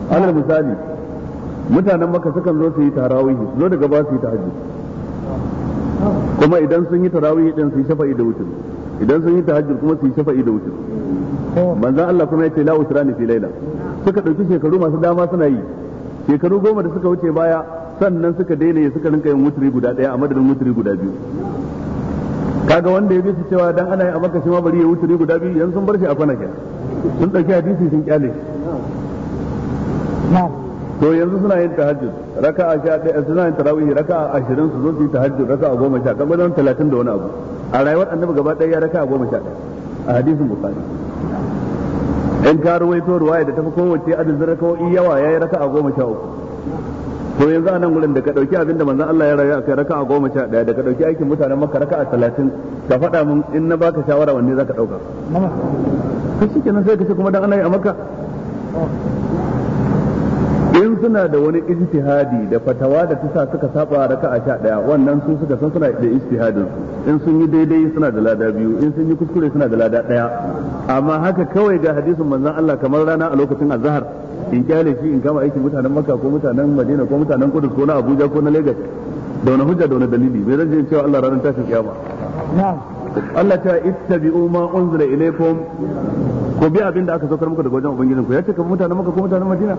alal misali mutanen maka sukan zo su yi tarawih su zo daga ba su yi tahajjud kuma idan sun yi tarawih din su yi shafa'i da wutu idan sun yi tahajjud kuma su yi shafa'i da wutu manzon Allah kuma yace la usrani fi laila suka dauki shekaru masu dama suna yi shekaru goma da suka wuce baya sannan suka daina ya suka rinka yin wuturi guda daya a madadin wuturi guda biyu kaga wanda ya bi su cewa dan ana yi a maka shi ma bari ya wuce guda biyu yanzu sun bar shi a kwana ke sun dauki hadisi sun kyale to yanzu suna yin tahajjud raka'a sha ɗaya suna yin tarawih raka'a ashirin su zo su yi tahajjud raka'a goma sha ɗaya wajen talatin da wani abu a rayuwar annabi gaba ɗaya ya raka'a goma sha ɗaya a hadisin bukari in ka ruwaito ruwaya da tafi kowace adadin rakawo'i yawa ya yi raka'a goma sha uku to yanzu anan nan gurin da ka dauki abin da manzon Allah ya rayu kai raka'a goma sha ɗaya da ka dauki aikin mutanen maka raka'a talatin ka faɗa mun in na baka shawara wanne zaka dauka Ka shi kenan sai ka ce kuma dan ana yi a maka in suna da wani ijtihadi da fatawa da tusa suka saba raka'a sha ɗaya wannan sun suka san suna da ijtihadin in sun yi daidai suna da lada biyu in sun yi kuskure suna da lada ɗaya amma haka kawai ga hadisin manzan Allah kamar rana a lokacin azhar in kyale shi in kama aikin mutanen makka ko mutanen madina ko mutanen kudus ko na abuja ko na lagos da wani hujja da wani dalili bai zan je cewa Allah ranar tashi kiyama Allah ta ittabi'u ma unzila ilaykum ko bi abin da aka saukar muku daga wajen ubangijinku ya ce ka mutanen makka ko mutanen madina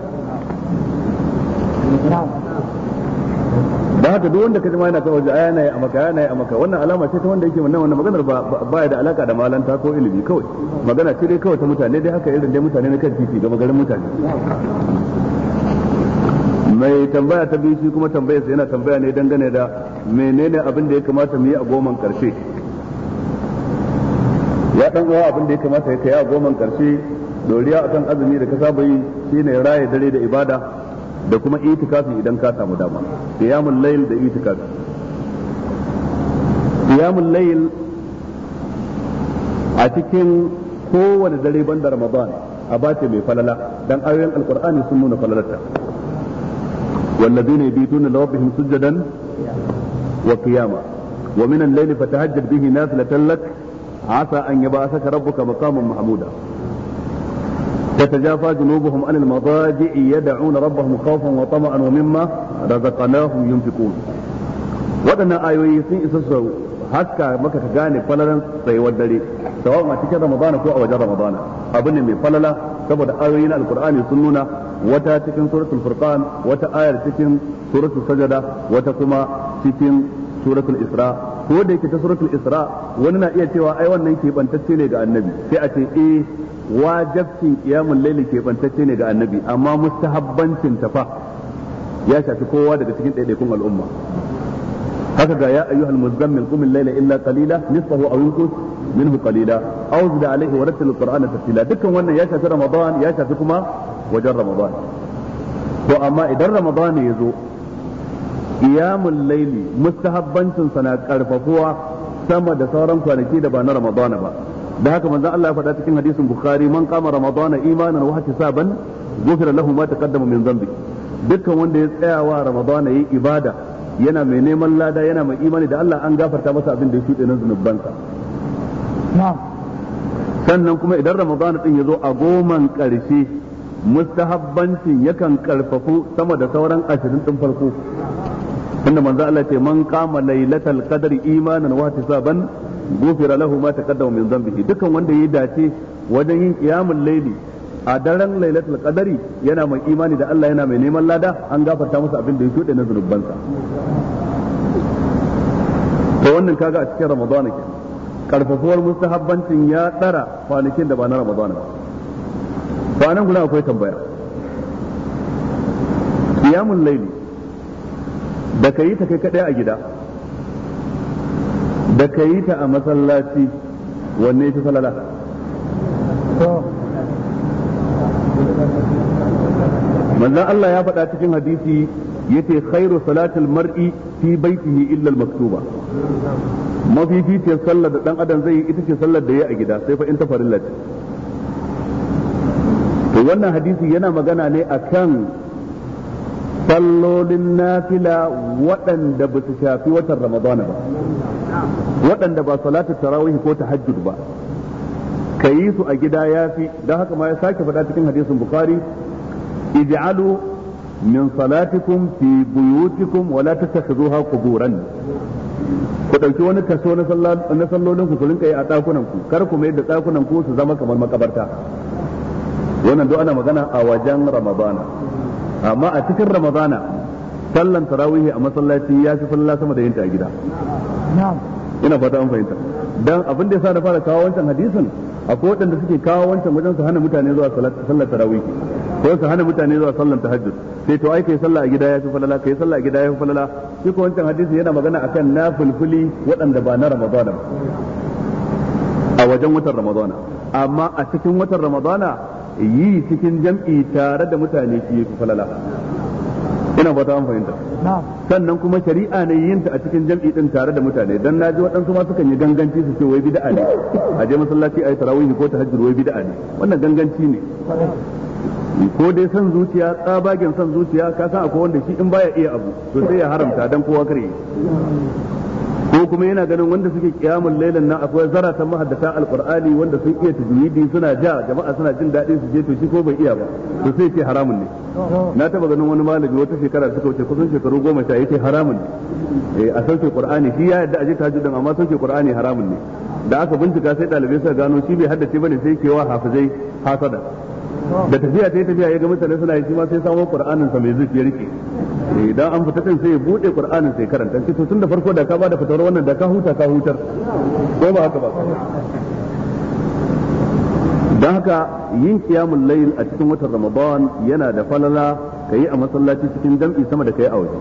da haka duk wanda ka jima yana kawai aya na yi a maka yana yi a maka wannan alama ce ta wanda yake wannan wannan maganar ba ya da alaka da malanta ko ilimi kawai magana ce dai kawai ta mutane dai haka irin dai mutane na kan titi ga magarin mutane mai tambaya ta biyu shi kuma tambayar sa yana tambaya ne dangane da menene abin da ya kamata mu yi a goman karshe ya dan uwa abin da ya kamata ya kai a goman karshe doriya akan azumi da ka saba yi shine raye dare da ibada da kuma itikafin idan ka samu dama qiyamul layl da itikafi qiyamul layl a cikin kowane dare banda ramadan abace mai falala dan ayoyin alqur'ani sun nuna falalarta والذين يبيتون لربهم سجدا وقياما ومن الليل فتهجد به نافلة لك عسى أن يبعثك ربك مقاما محمودا تتجافى جنوبهم عن المضاجع يدعون ربهم خوفا وطمعا ومما رزقناهم ينفقون waɗannan ayoyi sun isa su haska maka ka gane falalan tsayuwar dare sawa a cikin ramadana ko a wajen ramadana abin ne mai falala saboda ayoyin alkur'ani sun nuna wata cikin suratul furqan wata ayar cikin suratul sajada wata kuma cikin suratul isra ko da yake ta suratul isra wani na iya cewa ai wannan ke bantacce ne ga annabi sai a ce eh wajabcin kiyamun layli ke bantacce ne ga annabi amma mustahabbancin ta fa ya shafi kowa daga cikin ɗaiɗaikun al'umma haka ga ya ayyuhal muzammil qum al-layla illa qalila nisfahu aw yunqus minhu qalila aw zid alayhi wa rattil al-qur'ana tartila dukkan wannan ya shafi ramadan ya shafi kuma wajen ramadan to amma idan ramadan ya zo qiyamul layli mustahabbancin sana karfafuwa sama da sauran kwanaki da ba na ramadan ba da haka manzon Allah ya faɗa cikin hadisin bukhari man qama ramadana imanan wa hisaban ghufira lahu ma taqaddama min dhanbi dukkan wanda ya tsaya wa ramadana yayi ibada yana mai neman lada yana mai imani da Allah an gafarta masa abin da ya shuɗe na zunubansa sannan kuma idan ramadana din ya zo a goman ƙarshe mustahabbancin yakan karfafu sama da sauran ashirin din farko tunda manzo Allah ce man qama lailatal qadri imanan wa hisaban gufira lahu ma taqaddama min dhanbihi dukan wanda yayi dace wajen yin qiyamul layli a daren lailatul qadari yana mai imani da Allah yana mai neman lada an gafarta masa abin da ya shuɗe na zunubansa to wannan kaga a cikin ramadana ke karfafuwar mustahabbancin ya tsara kwanakin da ba na ramadana ba nan guda akwai tambaya qiyamul layli da kai ta kai kadai a gida da ka yi ta a masallaci wanne ta salala manzan Allah ya faɗa cikin hadisi yace khairu salatul mar'i fi baitihi illa al-maktuba mafificiyar sallar da ɗan adam zai yi ita ce sallar da ya a gida sai fa in ta farilla ce to wannan hadisi yana magana ne akan sallolin nafila waɗanda ba su shafi watan ramadana ba waɗanda ba salatu tarawih ko tahajjud ba ka yi su a gida yafi fi don haka ma ya sake faɗa cikin hadisin bukhari ij'alu min salatikum fi buyutikum wa la tattakhidhuha quburan ku ɗauki wani kaso na sallolin ku ku rinka yi a dakunan ku kar ku mai da dakunan ku su zama kamar makabarta wannan duk ana magana a wajen ramadana amma a cikin ramadana sallan tarawihi a masallaci ya fi sallah sama da yinta a gida ina fata an fahimta dan abin da yasa na fara kawo wancan hadisin akwai waɗanda suke kawo wancan wajen su hana mutane zuwa sallar tarawih ko su hana mutane zuwa sallar tahajjud sai to ai kai sallah a gida yafi falala kai sallah a gida yafi falala shi ko wancan hadisi yana magana akan nafilfili waɗanda ba na ramadana a wajen watan ramadana amma a cikin watan ramadana yi cikin jam'i tare da mutane ke yafi falala ina fata an fahimta sannan kuma shari'a ne yin ta a cikin jam'i din tare da mutane dan naji waɗansu ma sukan yi ganganci su ce wai bid'a ne a je masallaci ayi tarawih ko ta tahajjud wai bid'a ne wannan ganganci ne ko dai san zuciya tsabagen san zuciya ka san akwai wanda shi in baya iya abu to sai ya haramta dan kowa kare ko kuma yana ganin wanda suke kiyamun lailan nan akwai zaratan mahaddata alqur'ani wanda sun iya tajwidi suna ja jama'a suna jin daɗi su je to shi ko bai iya ba to sai ce haramun ne na taba ganin wani malami wata shekara suka wuce kusan shekaru goma sha yace haramun ne eh, a sauke qur'ani shi ya yadda aje tajwidin amma sauke qur'ani haramun ne da aka bincika sai dalibai suka gano shi bai haddace bane sai kewa hafizai hasada da tafiya ta tafiya ya ga mutane suna yi shi ma sai samo qur'anin sa mai zuciya rike idan an fita din sai ya bude qur'anin sai karanta to tun da farko da ka bada fitowar wannan da ka huta ka hutar ko ba haka ba dan haka yin qiyamul layil a cikin watan ramadan yana da falala ka a masallaci cikin jam'i sama da ka yi a waje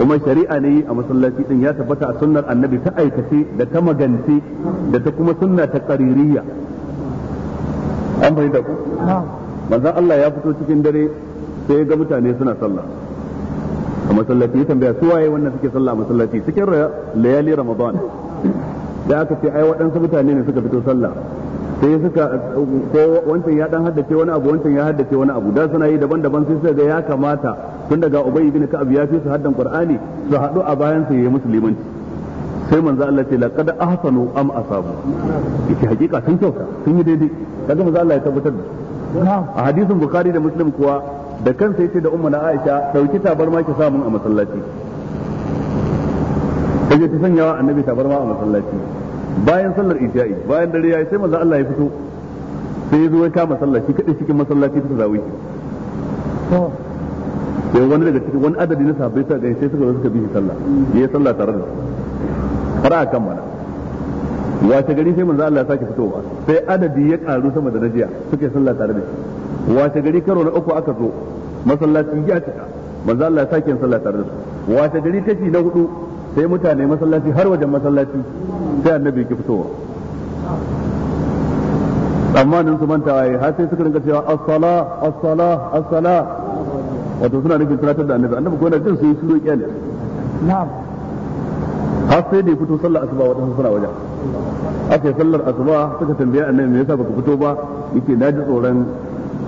kuma shari'a ne a masallaci din ya tabbata a sunnar annabi ta aikace da ta magance da ta kuma sunna ta qaririyya an fahimta ku manzon Allah ya fito cikin dare sai ga mutane suna sallah a masallaci ya tambaya su waye wannan suke sallah masallaci cikin layali ramadan da aka ce ai waɗansu mutane ne suka fito sallah sai suka ko wancan ya dan haddace wani abu wancan ya haddace wani abu da suna yi daban-daban sai suka ga ya kamata tun daga ubay ibn ka'ab ya fi su haddan qur'ani su haɗu a bayan su yi musulmanci sai manzo Allah ce laqad ahsanu am asabu yake hakika sun kyauta sun yi daidai kaga manzo Allah ya tabbatar da a hadisin bukhari da muslim kuwa da kansa yace da ummu na Aisha dauki tabarma ki samun a masallaci kaje ta sanyawa annabi tabarma a masallaci bayan sallar isha'i bayan dare yayi sai manzo Allah ya fito sai ya zo ya kama masallaci kadai cikin masallaci ta zawi to sai wani daga cikin wani adadi na sahabbai sai ga sai suka zo suka bi sallah yayi sallah tare da har a kammala wace gari sai manzo Allah ya sake fitowa sai adadi ya karu sama da najiya suke sallah tare da shi wace gari karo na uku aka zo masallaci ya cika manzo Allah ya sake sallah tare da su wace gari kashi na hudu sai mutane masallaci har wajen masallaci sai annabi ya fitowa Amma nan su manta waye har sai suka rinka cewa as-sala as-sala as-sala wato suna nufin tunatar da annabi annabi ko na jin su yi shiru na'am har sai da ya fito sallar asuba wadansu suna wajen aka yi sallar asuba suka tambaya annabi me yasa baka fito ba yake na ji tsoron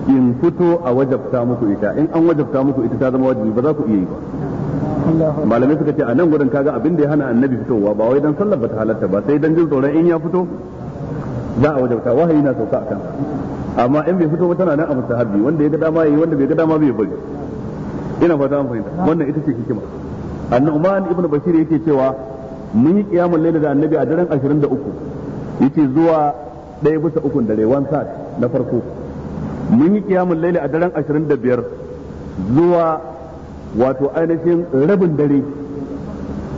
in fito a wajabta muku ita in an wajabta muku ita ta zama wajibi ba za ku iya yi ba malamai suka ce a nan gudun kaga abin da ya hana annabi fitowa ba wai dan sallar bata halatta ba sai dan jin tsoron in ya fito za a wajabta wahayi na sauka akan amma in bai fito ba tana nan a mustahabi wanda ya ga dama yayi wanda bai ga dama bai bari ina fata an fahimta wannan ita ce hikima annu'man ibn bashir yake cewa mun yi kiyamul laila da annabi a daren 23 yake zuwa ɗaya bisa ukun dare wan sa'at na farko mun yi kiyamun laili a daren 25 zuwa wato ainihin rabin dare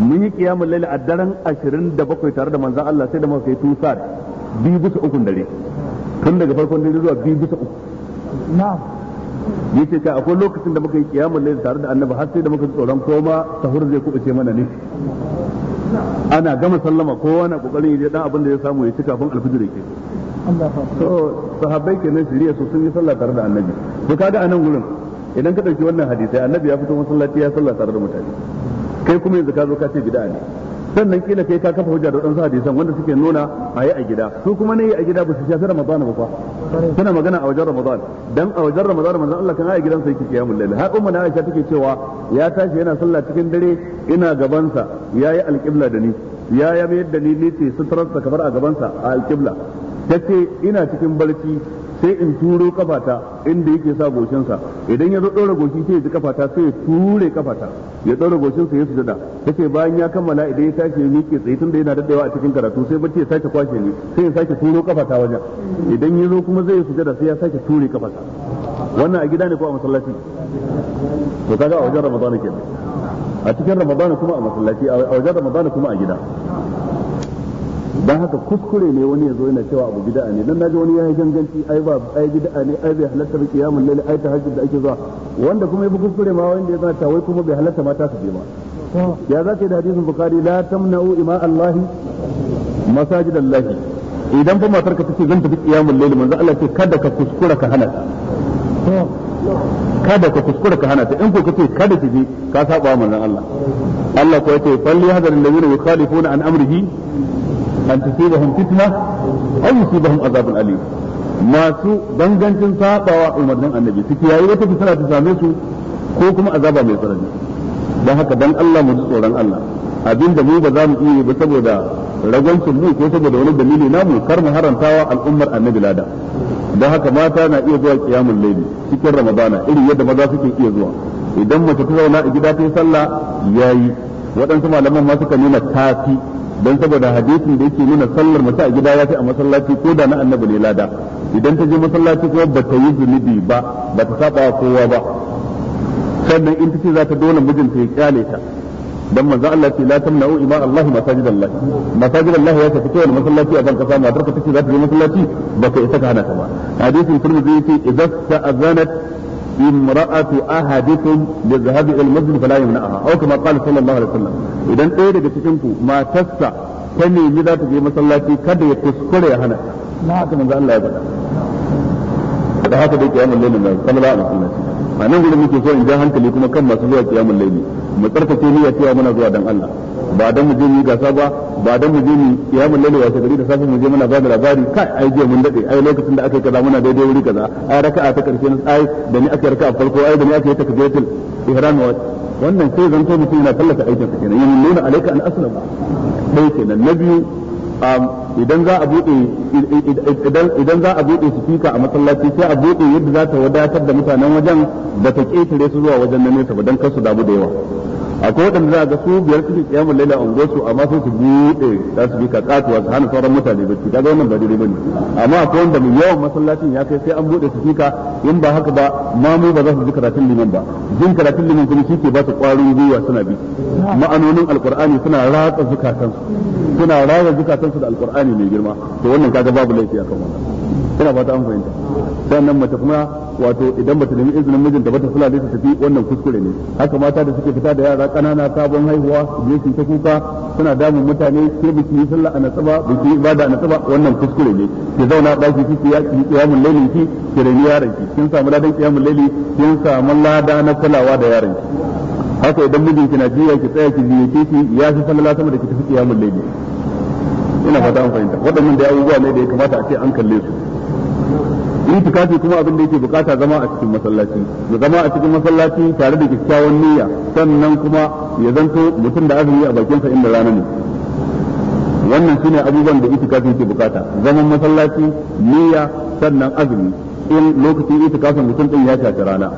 mun yi kiyamun laili a daren 27 tare da manzan Allah sai da muka kai tusa biyu bisa ukun dare tun daga farkon dare zuwa biyu bisa uku yace kai akwai lokacin da muka yi kiyamun laili tare da annabi har sai da muka tsoron koma sahur zai kubuce mana ne ana gama sallama kowa na kokarin yi dan abin da ya samu ya ci kafin alfijir ke to sahabbai kenan shirya su sun yi sallah tare da annabi to kaga a nan gurin idan ka dauki wannan hadisai annabi ya fito masallaci ya sallah tare da mutane kai kuma yanzu ka zo ka ce bid'a ne sannan kila kai ka kafa hujja da wadansu hadisan wanda suke nuna a yi a gida su kuma ne yi a gida ba su shafi ramadan ba fa suna magana a wajen ramadan dan a wajen ramadan manzon Allah kan a gidansa yake kiyamul layl har umma na Aisha take cewa ya tashi yana sallah cikin dare ina gabansa yayi alqibla da ni ya yabe da ni ne ce suturarsa kamar a gabansa a alqibla tace ina cikin barci sai in turo kafata inda yake sa goshinsa idan ya zo ɗora goshi sai ya ji kafata sai ya ture kafata ya ɗora goshinsa ya sujada ce bayan ya kammala idan ya tashi ya miƙe tsaye tunda yana daddawa a cikin karatu sai bacci ya sake kwashe ni sai ya sake turo kafata wajen idan ya zo kuma zai yi sujada sai ya sake ture kafata wannan a gida ne ko a masallaci to kaga a wajen ramadana kenan a cikin ramadana kuma a masallaci a wajen ramadana kuma a gida dan haka kuskure ne wani ya zo yana cewa abu bid'a ne dan naji wani ya yi ganganci ai ba ai bid'a ne ai bai halatta ba kiyamul layl ai tahajjud da ake zuwa wanda kuma fi kuskure ma wanda ya zana ta wai kuma bai halatta mata su je ba ya za ka yi da hadisin bukari la tamna'u ima allah masajid allah idan fa matar ka tace zan tafi kiyamul layl manzo Allah ce kada ka kuskura ka hana ta kada ka kuskura ka hana ta in ko kace kada ki je ka saba manzon Allah Allah ko yace falli hadar alladhina yukhalifuna an amrihi an tusibahum fitna aw yusibahum azabun alim masu dangancin sabawa umarnin annabi su yayi wata fitna ta same su ko kuma azaba mai tsanani dan haka dan Allah mu ji tsoron Allah abinda mu ba za mu iya ba saboda ragancin mu ko saboda wani dalili namu kar mu harantawa al'ummar annabi lada don haka mata na iya zuwa kiyamun laili cikin ramadana irin yadda maza suke iya zuwa idan mace ta zauna a gida ta yi sallah yayi waɗansu malaman ma suka nuna tafi dan saboda hadisin da yake nuna sallar mace a gida ya fi a masallaci ko da na annabi ne lada idan ta je masallaci kuma ba ta yi zunubi ba ba ta saba kowa ba sannan in ta ce za ta dole mijinta ya kyale ta dan manzo Allah ce la tamna'u ima Allah masajid Allah masajid Allah ya tafi kowane masallaci a banka sama matar ka tace za ta je masallaci ba ka isa ka hana ta ba hadisin turmizi yace idza ta'azanat imra'atu ahadikum bi dhahabi al masjid fala yamna'aha ɗaya daga cikin ku matarsa ta nemi za ta je masallaci kada ya kuskure da haka dai a nan gurin muke so in ja hankali kuma kan masu zuwa kiyamul layl mu tsarkace niyya muna zuwa dan Allah ba dan mu je mu gasa ba ba dan mu je mu ya mun lalle washe gari da safe mu je muna ba da labari kai ai je mun dade ai lokacin da aka yi kaza muna daidai wuri kaza ai raka'a ta karshe ai da ni aka yi raka'a farko ai da ni aka yi takbiratul ihram wa wannan sai zanto mutum yana tallata aikin sa kenan yin nuna alaika an aslam dai kenan na biyu idan za a bude idan za a bude sifika a masallaci sai a bude yadda za ta wadatar da mutanen wajen da ta ketare su zuwa wajen na nesa ba dan kar su damu da yawa akwai waɗanda za a ga su biyar suke kiyamun laila a unguwarsu amma sai su buɗe za su bi ka katuwa su hana sauran mutane bacci ga wannan ba daidai bane amma akwai wanda mai yawan masallacin ya kai sai an buɗe su fika in ba haka ba mamu ba za su ji karatun liman ba jin karatun liman kuma shi ke ba su ƙwarin gwiwa suna bi ma'anonin alƙur'ani suna ratsa zukatansu suna ratsa zukatansu da alƙur'ani mai girma to wannan kaga babu laifi akan wannan ina ba ta an fahimta nan mace kuma wato idan bata nemi izinin mijinta ba ta da ta tafi wannan kuskure ne haka mata da suke fita da yara kanana sabon haihuwa biye su ta kuka suna damun mutane ke biki sallah a nasaba biki ibada a tsaba wannan kuskure ne ki zauna daki kiki ya ki kiyamul lailin ki ki reni yaran ki kin samu ladan kiyamul laili kin samu lada na kulawa da yaran ki haka idan mijinki na jiya ki tsaya ki biye ki ya shi sallah sama da ki tafi kiyamul laili ina fata an fahimta waɗannan da abubuwa ne da ya kamata a ce an kalle su itikafi kuma abin da yake bukata zama a cikin masallaci ya zama a cikin masallaci tare da kyakkyawan niyya sannan kuma ya zanto mutum da azumi a bakinsa inda rana ne wannan shine abubuwan da itikafi yake bukata zaman masallaci niyya sannan azumi in lokacin itikafin mutum din ya shafi rana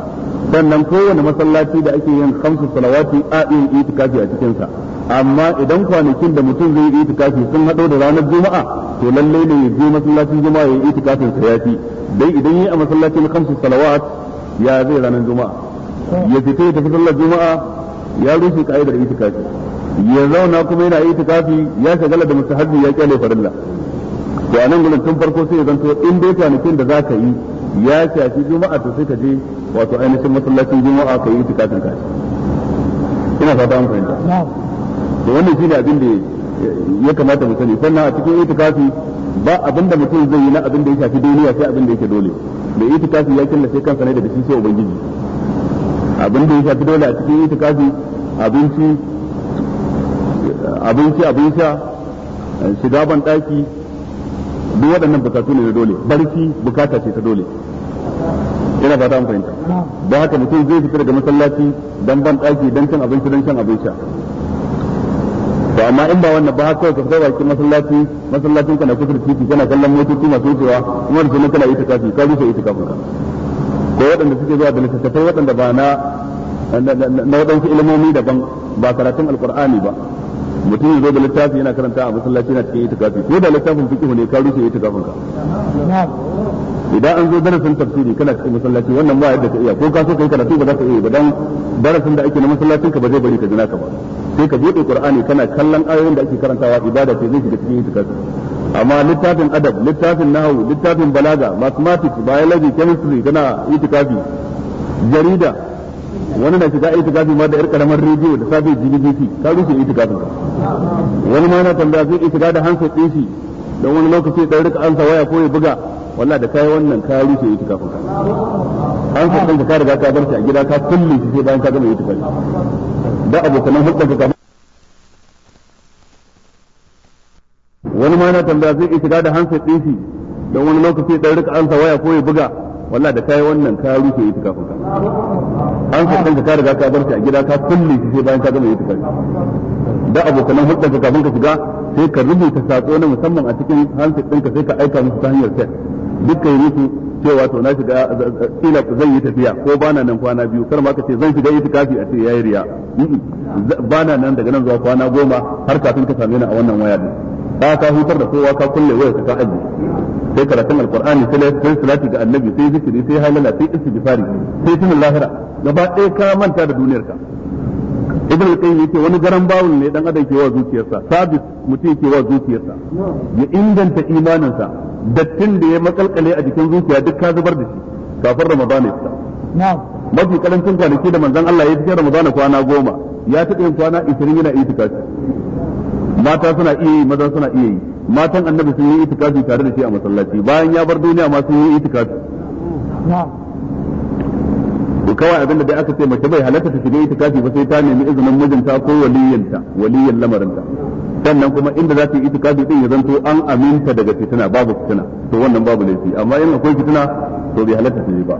sannan kowane masallaci da ake yin hamsu salawati a yin itikafi a cikinsa amma idan kwanakin da mutum zai yi itikafi sun haɗo da ranar juma'a to lalle ne ya je masallacin juma'a ya yi itikafin sa yafi dai idan yi a masallaci na kamsu salawat ya zai ranar juma'a ya fito ya tafi sallar juma'a ya rushe ka'idar itikafi ya zauna kuma yana itikafi ya shagala da mustahabbi ya kyale farilla to a nan gurin tun farko sai ya zanto in dai kwanakin da za ka yi ya shafi juma'a to sai ka je wato ainihin masallacin juma'a ka yi itikafin ka ina fata an fahimta to wannan shine abin da ya kamata mu sani sannan a cikin itikafi ba abin da mutum zai yi na abin da ya shafi duniya sai abin da yake dole da tukafi ya killace kansa ne da shi sai ubangiji abin da ya shafi dole a cikin itikafi abinci abinci abin sha shiga ban daki duk waɗannan bukatu ne da dole barci bukata ce ta dole ina fata an fahimta ba haka mutum zai fita daga masallaci dan ban daki dan cin abinci dan shan abin sha to amma in ba wannan ba kawai ka fita bakin masallaci masallacin kana kusur titi kana kallon motoci masu wucewa kuma da sunan kana ita kafi ka rufe ita kafin ka ko waɗanda suke zuwa da littattafai waɗanda ba na na waɗansu ilimomi daban ba karatun alkur'ani ba mutum ya zo da littafi yana karanta a masallaci yana cikin ita itikafi ko da littafin fiqh ne ka rufe itikafin ka idan an zo darasin tafsiri kana cikin masallaci wannan ba yadda ka iya ko ka so kai karatu ba za ka iya ba dan darasin da ake na masallacin ka ba zai bari ka jina ka ba sai ka buɗe qur'ani kana kallon ayoyin da ake karantawa ibada ce zai shiga cikin itikafi amma littafin adab littafin nahwu littafin balaga mathematics biology chemistry kana itikafi jarida wani na shiga itikafi ma da yar karamar rediyo da safe GBC ka rufe itikafin wani ma yana tambaya zai shiga da hansa din shi don wani lokaci dan rika ansa waya ko ya buga wallahi da kai wannan ka rufe itikafin ka an ka kanka ka riga ka bar shi a gida ka kulle shi sai bayan ka gama itikafi da abokan hudda ka wani ma na tambaya zai shiga da hansa din don wani lokaci dan rika ansa waya ko ya buga wallahi da kai wannan ka rufe itikafin ka an ka kanka ka riga ka bar shi a gida ka kulle shi sai bayan ka gama itikafi da abokan hudda ka kafin ka shiga sai ka rubuta sako na musamman a cikin hansa ɗinka sai ka aika musu ta hanyar text duka yi musu cewa to na shiga kila zan yi tafiya ko bana nan kwana biyu kar ma ka ce zan shiga itikafi a ce yayi riya bana nan daga nan zuwa kwana goma har kafin ka same ni a wannan waya din ba ka hutar da kowa ka kulle waya ka aji sai karatun alqur'ani sai salati ga annabi sai zikiri sai halala sai istighfari sai tunin lahira gaba ɗaya ka manta da duniyarka ibn al-qayyim yake wani garan bawul ne dan adam ke wa zuciyarsa sabis mutum yake wa zuciyarsa ya inganta imaninsa dattin da ya makalkale a jikin zuciya duk ka zubar da shi kafin ramadana ya mafi karancin kwanaki da manzon Allah ya cikin ramadana kwana goma ya taɓa yin kwana 20 yana itikafi mata suna iya yi maza suna iya yi matan annabi sun yi itikafi tare da shi a masallaci bayan ya bar duniya ma sun yi itikafi na'am to kawai abin da aka ce mace bai halatta ta shiga ita ba sai ta nemi izinin mijinta ko waliyinta waliyin lamarinta sannan kuma inda za ta yi itikafi din ya zanto an aminta daga fitina babu fitina to wannan babu laifi amma in akwai fitina to bai halatta ta je ba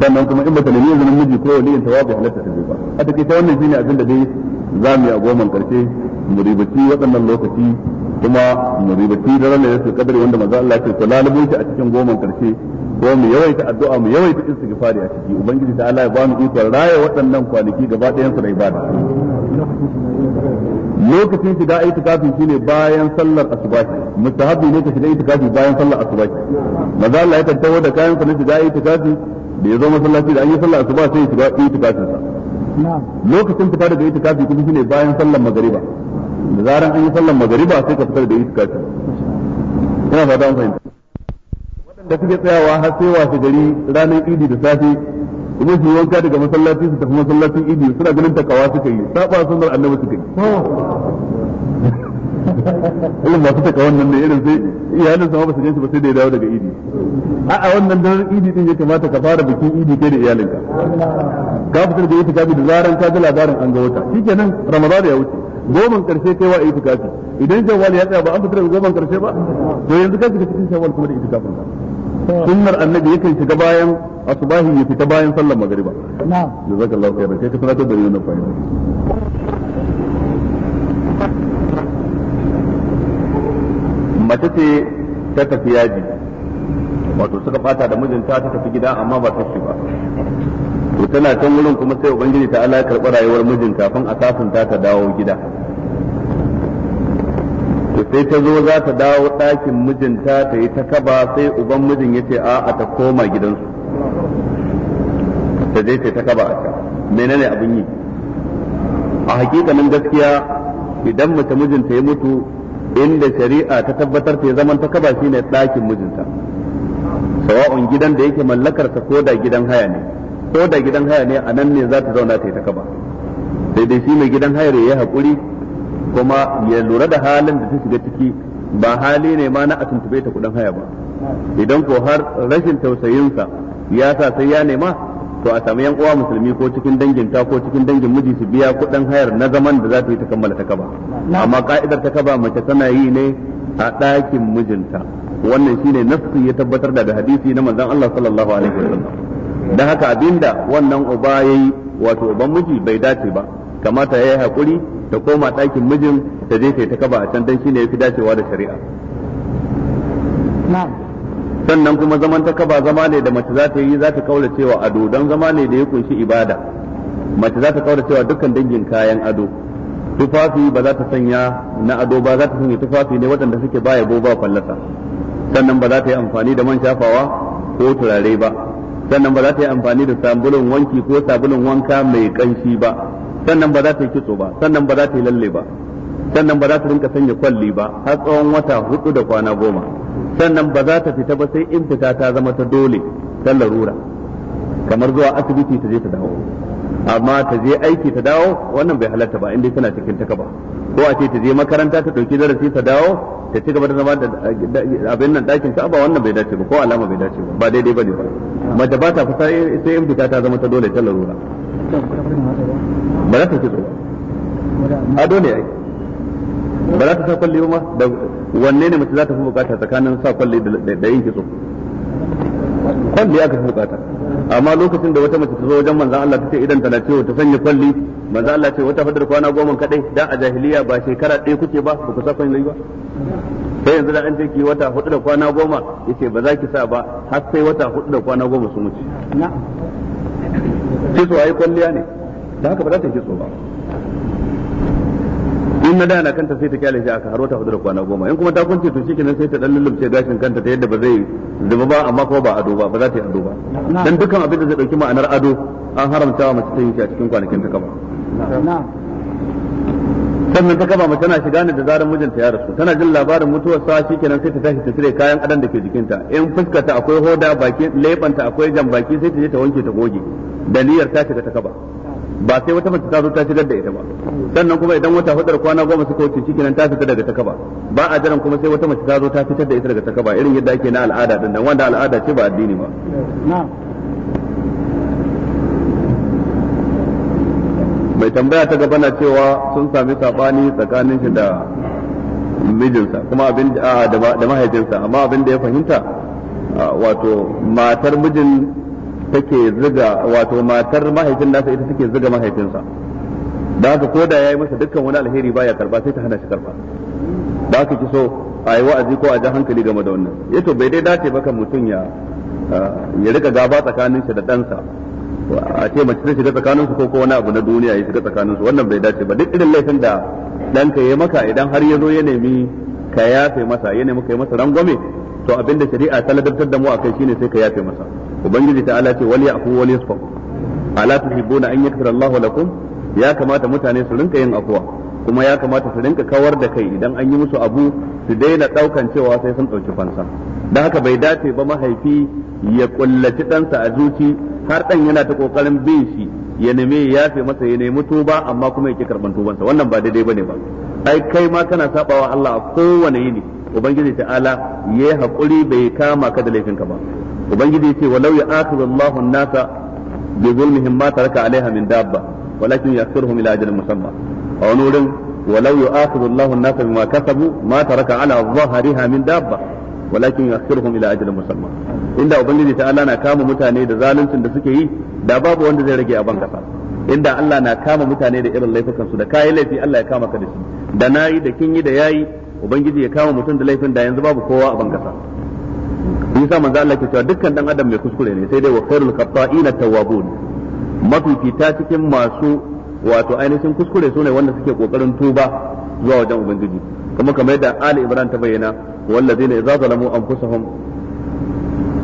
sannan kuma in bata nemi izinin miji ko waliyinta ba bai halatta ta je ba a take ta wannan shine abin da dai za mu yi a goman karshe mu ribaci waɗannan lokaci kuma mu ribaci daren da yake kadari wanda maza Allah ya ce to lalubunci a cikin goman karshe ko mu yawaita addu'a mu yawaita istighfari a ciki ubangiji ta Allah ya ba mu ikon raya waɗannan kwanaki gaba ɗayan su da ibada lokacin shiga itikafi shine bayan sallar asubahi mustahabi ne ka shiga itikafi bayan sallar asubahi maza Allah ya tattawo da kayan sa na shiga itikafi da ya zo masallaci da an yi sallar asuba sai ya shiga itikafin sa lokacin fita daga itikafi kuma shine bayan sallar magariba da zaran an yi sallar magariba sai ka fitar da itikafi ina fata an fahimta da suke tsayawa har sai washe gari ranar idi da safe kuma su wanka daga masallaci su tafi masallacin idi suna ganin takawa suka yi saba sunar annabi suka yi irin masu taka wannan ne irin sai iyalin sama ba su ganshi ba sai da ya dawo daga idi a'a wannan daren idi din ya kamata ka fara bikin idi kai da iyalinka ka fitar da itikafi da zaran ka ga labarin an ga wata shikenan ramadan ya wuce goman karshe kai wa itikafi idan jawwal ya tsaya ba an fitar da goman karshe ba to yanzu ka shiga cikin shawwal kuma da itikafin ka sunnar annabi yakan shiga bayan asubahi ya fita bayan sallar magriba na'am jazakallahu khairan sai ka tunatar da ni wannan fa'ida mace ce ta tafi yaji wato suka fata da mijinta ta tafi gida amma ba ta shi ba to tana can wurin kuma sai ubangiji ta Allah ya karɓi rayuwar mijinta kafin a sasunta ta dawo gida to sai ta zo za ta dawo ɗakin mijinta ta yi ta kaba sai uban mijin ya ce a ta koma gidansu ta je ta kaba a can menene abin yi a hakikanin gaskiya idan mace mijinta ya mutu inda shari'a ta tabbatar ta zaman ta kaba shine ɗakin mijinta sawa'un gidan da yake mallakar ta ko da gidan haya ne ko da gidan haya ne a nan ne za ta zauna ta yi ta kaba sai dai shi mai gidan hayar ya haƙuri kuma ya lura da halin da ta shiga ciki ba hali ne ma na a tuntube ta kudin haya ba idan ko har rashin tausayinsa ya sa sai ya nema to a sami yan uwa musulmi ko cikin dangin ta ko cikin dangin miji su biya kudin hayar na zaman da za ta yi ta kammala ta kaba amma ka'idar ta kaba mace tana yi ne a ɗakin mijinta wannan shine nafsi ya tabbatar da hadisi na manzon Allah sallallahu alaihi wasallam dan haka abinda wannan uba yayi wato uban miji bai dace ba kamata ya yi haƙuri ta koma ɗakin mijin ta je ta kaba a can don ne ya yafi dacewa da shari'a sannan kuma zaman ta kaba zama ne da mace za ta yi za ta kaura cewa ado don zama ne da ya kunshi ibada mace za ta kaura cewa dukkan dangin kayan ado tufafi ba za ta sanya na ado ba za ta sanya tufafi ne waɗanda suke baya bo ba fallasa sannan ba za ta yi amfani da man shafawa ko turare ba sannan ba za ta yi amfani da sabulun wanki ko sabulun wanka mai ƙanshi ba sannan ba za ta yi kitso ba sannan ba za ta yi lalle ba sannan ba za ta rinka sanya kwalli ba har tsawon wata hudu da kwana goma sannan ba za ta fita ba sai in fita ta zama ta dole ta larura kamar zuwa asibiti ta je ta dawo amma ta je aiki ta dawo wannan bai halarta ba inda tana cikin takaba ko a ce ta je makaranta ta dauki darasi ta dawo ta ci gaba da zama da abin nan dakin ta ba wannan bai dace ba ko alama bai dace ba ba daidai bane ba mace ba ta fita sai in fita ta zama ta dole ta larura ba za ta kitso a dole ne yi ba za ta sa kwalli ba ma da wanne ne mace za ta fi bukata tsakanin sa kwalli da yin kitso kwalli aka fi bukata amma lokacin da wata mace ta zo wajen manzon Allah ta ce idan tana cewa ta sanya kwalli manzon Allah ce wata fadar kwana goma kadai da a jahiliya ba shekara ɗaya kuke ba ba ku sa kwalli ba sai yanzu da an ce ki wata hudu da kwana goma yace ba za ki sa ba har sai wata hudu da kwana goma su wuce kitso ayi kwalliya ne da haka ba za ta kitso ba in na da na kanta sai ta kyale shi aka haro ta hudu da kwana goma in kuma ta kunce to shikenan sai ta dan lullubce gashin kanta ta yadda ba zai zuba ba amma kuma ba ado ba ba za ta yi ado ba dan dukkan abin da zai dauki ma'anar ado an haramta wa mace ta yi shi a cikin kwanakin ta kaba sannan ta kaba mace tana shiga ne da zarar mijinta ya rasu tana jin labarin mutuwar sa shikenan sai ta tashi ta cire kayan adan da ke jikinta in fuskata akwai hoda baki lebanta akwai jan baki sai ta je ta wanke ta goge da niyyar ta shiga ta kaba ba sai wata mace ta zo ta shigar da ita ba sannan kuma idan wata hudar kwana goma suka wuce kenan ta fita daga takaba ba a jiran kuma sai wata mace ta zo ta fitar da ita daga takaba irin yadda ake na al'ada din nan wanda al'ada ce ba addini ba mai tambaya ta gaba na cewa sun sami sabani tsakanin shi da mijinsa kuma abin da mahaifinsa amma abin da ya fahimta wato matar mijin take zuga wato matar mahaifin nasa ita take zuga mahaifinsa da haka ko da yayi masa dukkan wani alheri baya karba sai ta hana shi karba da haka ki so a yi wa'azi ko a ji hankali game da wannan eh to bai dai dace ba kan mutum ya ah, ya rika gaba tsakanin shi da ɗansa a ce mace ta shiga tsakaninsu ko ko wani abu na duniya ya shiga tsakaninsu wannan bai dace ba duk irin laifin da ɗanka ya maka idan har ya zo ya nemi ka yafe masa ya nemi ka yi masa rangwame to abinda shari'a ta ladabtar da mu akai shine sai ka yafe masa ubangiji ta ala ce wal ya'fu wal yasfu ala tuhibbuna an yaghfira Allah lakum ya kamata mutane su rinka yin afuwa kuma ya kamata su rinka kawar da kai idan an yi musu abu su daina daukan cewa sai sun dauki fansa dan haka bai dace ba mahaifi ya kullaci ɗansa a zuci har dan yana ta kokarin bin shi ya neme ya yafe masa ya nemi tuba amma kuma yake karban tubansa wannan ba daidai bane ba ai kai ma kana sabawa Allah a kowane yini ubangiji ta'ala yayi hakuri bai kama ka da laifinka ba ubangiji yace walau ya Allahu an-nasa bi zulmihim ma taraka alaiha min dabba walakin yakhsuruhum ila ajalin musamma a wani wurin walau ya Allahu an-nasa bima kasabu ma taraka ala dhahriha min dabba walakin yakhsuruhum ila ajalin musamma inda ubangiji ta'ala na kama mutane da zaluncin da suke yi da babu wanda zai rage a ban kasa inda Allah na kama mutane da irin laifukan su da kayi laifi Allah ya kama ka da shi da nayi da kin yi da yayi ubangiji ya kama mutum da laifin da yanzu babu kowa a bangasa yasa manzo Allah ke cewa dukkan dan adam mai kuskure ne sai dai wa khairul khata'ina tawwabun mafifita cikin masu wato ainihin kuskure sune wanda suke kokarin tuba zuwa wajen ubangiji kuma kamar yadda Ali Ibrahim ta bayyana wallazina idza zalamu anfusahum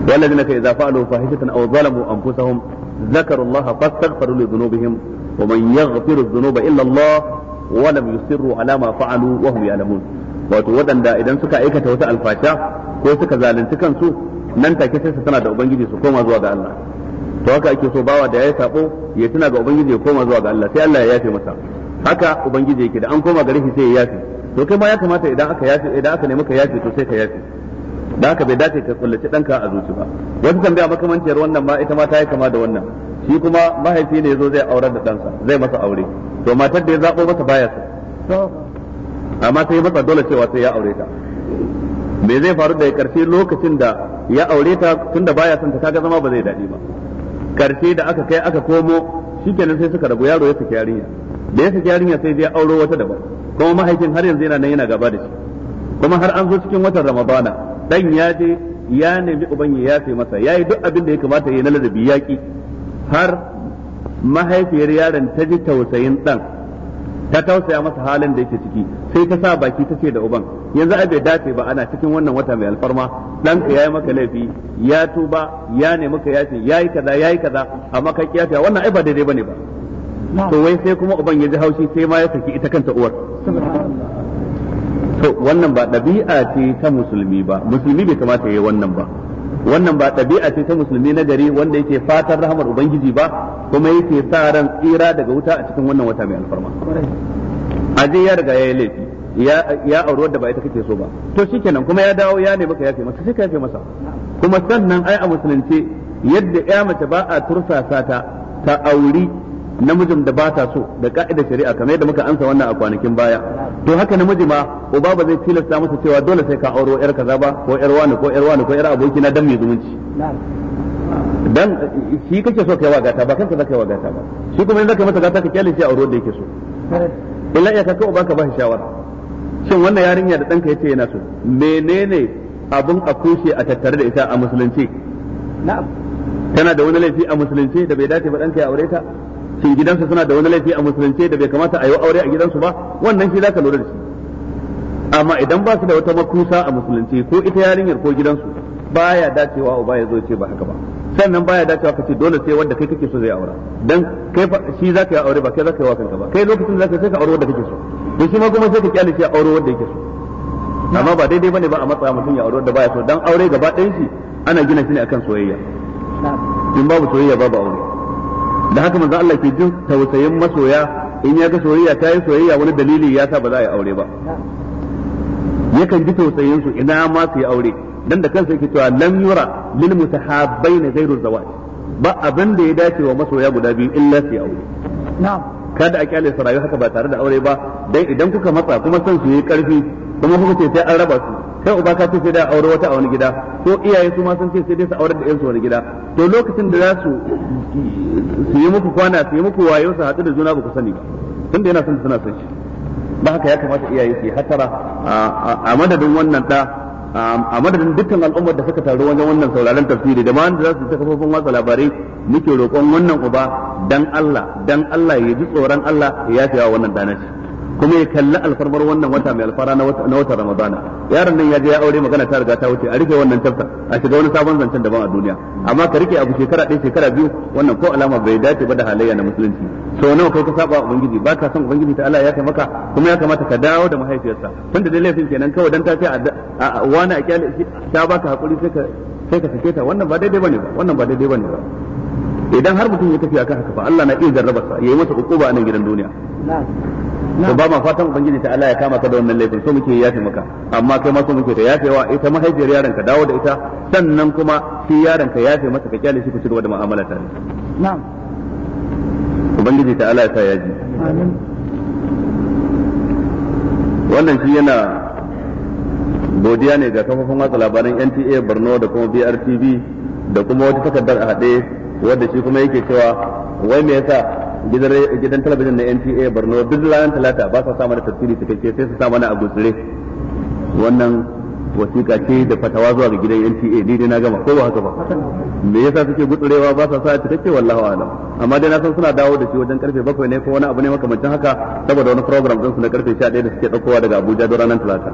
wallazina ka idza fa'alu fahishatan aw zalamu anfusahum ذكروا الله فاستغفروا لذنوبهم ومن يغفر الذنوب إلا الله ولم يصروا على ما فعلوا وهم يعلمون wato waɗanda idan suka aikata wata alfasha ko suka zalunci kansu nan take sai su tana da ubangiji su koma zuwa ga Allah to haka ake so bawa da ya sabo ya tuna ga ubangiji ya koma zuwa ga Allah sai Allah ya yafe masa haka ubangiji yake da an koma gare shi sai ya yafe to kai ma ya kamata idan aka yafe idan aka nemi ka yafe to sai ka yafe da haka bai dace ka kullace danka a zuci ba wasu tambaya makamanciyar wannan ma ita ma ta yi kama da wannan shi kuma mahaifi ne ya zo zai aurar da ɗansa zai masa aure to matar da ya zabo masa baya sa amma sai masa dole cewa sai ya aure ta me zai faru da karshe lokacin da ya aure ta tunda baya son ta kaga zama ba zai daɗi ba karshe da aka kai aka komo shikenan sai suka rabu yaro ya saki yarinya da ya saki yarinya sai ya auro wata daban kuma mahaifin har yanzu yana nan yana gaba da shi kuma har an zo cikin watan ramadana dan ya je ya nemi uban ya sai masa yayi duk abin da ya kamata ya yi na ladabi yaki har mahaifiyar yaron ta ji tausayin dan ta tausaya masa halin da yake ciki sai ta sa baki ta ce da uban yanzu ai bai dace ba ana cikin wannan wata mai alfarma ɗanka yayi maka laifi ya tuba ya ne maka yafi yayi kaza yayi kaza amma ka kiyaye wannan ai ba daidai bane ba to wai sai kuma uban ya ji haushi sai ma ya saki ita kanta uwar to wannan ba ɗabi'a ce ta musulmi ba musulmi bai kamata ya yi wannan ba wannan ba ɗabi'a ce ta musulmi na gari wanda yake fatan rahamar ubangiji ba kuma yake sa ran tsira daga wuta a cikin wannan wata mai alfarma aje ya riga ya yi laifi ya ya auri wadda ba ita kake so ba to shikenan kuma ya dawo ya ne maka yafe masa shi ka yafe masa kuma sannan ai a musulunce yadda ya mace ba a tursasa ta ta auri namijin da ba ta so da ka'idar shari'a kamar yadda muka ansa wannan a kwanakin baya to haka namiji ma uba ba zai tilasta masa cewa dole sai ka auro yar kaza ba ko yar wani ko yar wani ko yar abokina, dan mai zumunci dan shi kake so kai wa gata ba kanka zaka yi wa gata ba shi kuma in zaka masa gata ka kyale shi a ruwan da yake so illa ya ka uba ka ba shi shawara shin wannan yarinya da danka yace yana so menene abun a kushe a tattare da ita a musulunci na'am tana da wani laifi a musulunci da bai dace ba danka ya aure ta shin gidansa suna da wani laifi a musulunci da bai kamata a yi aure a gidansu ba wannan shi zaka lura da shi amma idan ba su da wata makusa a musulunci ko ita yarinyar ko gidansu baya dacewa uba ya zo ce ba haka ba sannan baya da cewa ce dole sai wanda kai kake so zai aura dan kai shi zaka yi aure ba kai zaka yi wakanka ba kai lokacin zaka sai ka aure wanda kake so to shi ma kuma sai ka kyale shi aure wanda yake so amma ba daidai bane ba a matsaya mutum ya aure wanda baya so dan aure gaba ɗayan shi ana gina shi ne akan soyayya in babu soyayya babu aure da haka manzo Allah ke jin tausayin masoya in ya ga soyayya ta yi soyayya wani dalili ya sa ba za a yi aure ba yakan ji tausayin su ina ma su yi aure dan da kansa yake cewa lam yura lil mutahabbaina ghairu zawaj ba abin da ya dace wa masoya guda biyu illa fi aure na'am kada a kyale su haka ba tare da aure ba dan idan kuka matsa kuma san su yi karfi kuma kuka ce sai an raba su kai uba ka ce sai da aure wata a wani gida ko iyaye su ma sun ce sai dai su aure da yansu wani gida to lokacin da za su su yi muku kwana su yi muku wayo su haɗu da juna ba ku sani ba tunda yana son suna son shi ba haka ya kamata iyaye su yi hatara a madadin wannan da a madadin dukkan al'ummar da suka taru wajen wannan sauraron tafsiri da da za su ta kafofin watsa labarai muke roƙon wannan uba dan Allah dan Allah ya ji tsoron Allah ya yafe wa wannan danashi kuma ya kalli alfarmar wannan wata mai alfara na watan ramadana yaron nan ya je ya aure magana ta riga ta wuce a rike wannan tafta a shiga wani sabon zancen daban a duniya amma ka rike abu shekara ɗaya shekara biyu wannan ko alama bai dace ba da halayya na musulunci so nawa kai ka saba ubangiji ba ka san ubangiji ta Allah ya kai maka kuma ya kamata ka dawo da mahaifiyarsa tunda dai laifin kenan kawai dan ta ce a wani a kyale ta baka hakuri sai ka sai ka sake ta wannan ba daidai bane ba wannan ba daidai bane ba idan har mutum ya tafi akan haka fa Allah na iya jarrabarsa yayi masa hukuma a nan gidan duniya to ba ma fatan ubangiji ta Allah ya kama ka da wannan laifin so muke yafe maka amma kai ma so muke ta yafewa ita mahaifiyar yaron ka dawo da ita sannan kuma shi yaron ka yafe masa ka kyale shi ku cigaba da mu'amala tare na'am ubangiji ta Allah ya sa yaji amin wannan shi yana godiya ne ga kafofin watsa labaran NTA Borno da kuma BRTV da kuma wata takardar a haɗe wadda shi kuma yake cewa wai me yasa gidan talabijin na NTA Borno duk ranar talata ba sa sa da tafsiri cikakke sai su samu mana a gutsure wannan wasiƙa ce da fatawa zuwa ga gidan NTA ni dai na gama ko ba haka ba me yasa suke gutsurewa ba sa sa cikakke wallahi alam amma dai na san suna dawo da shi wajen karfe bakwai ne ko wani abu ne makamancin haka saboda wani program din su na karfe 11 da suke daukowa daga Abuja don ranar talata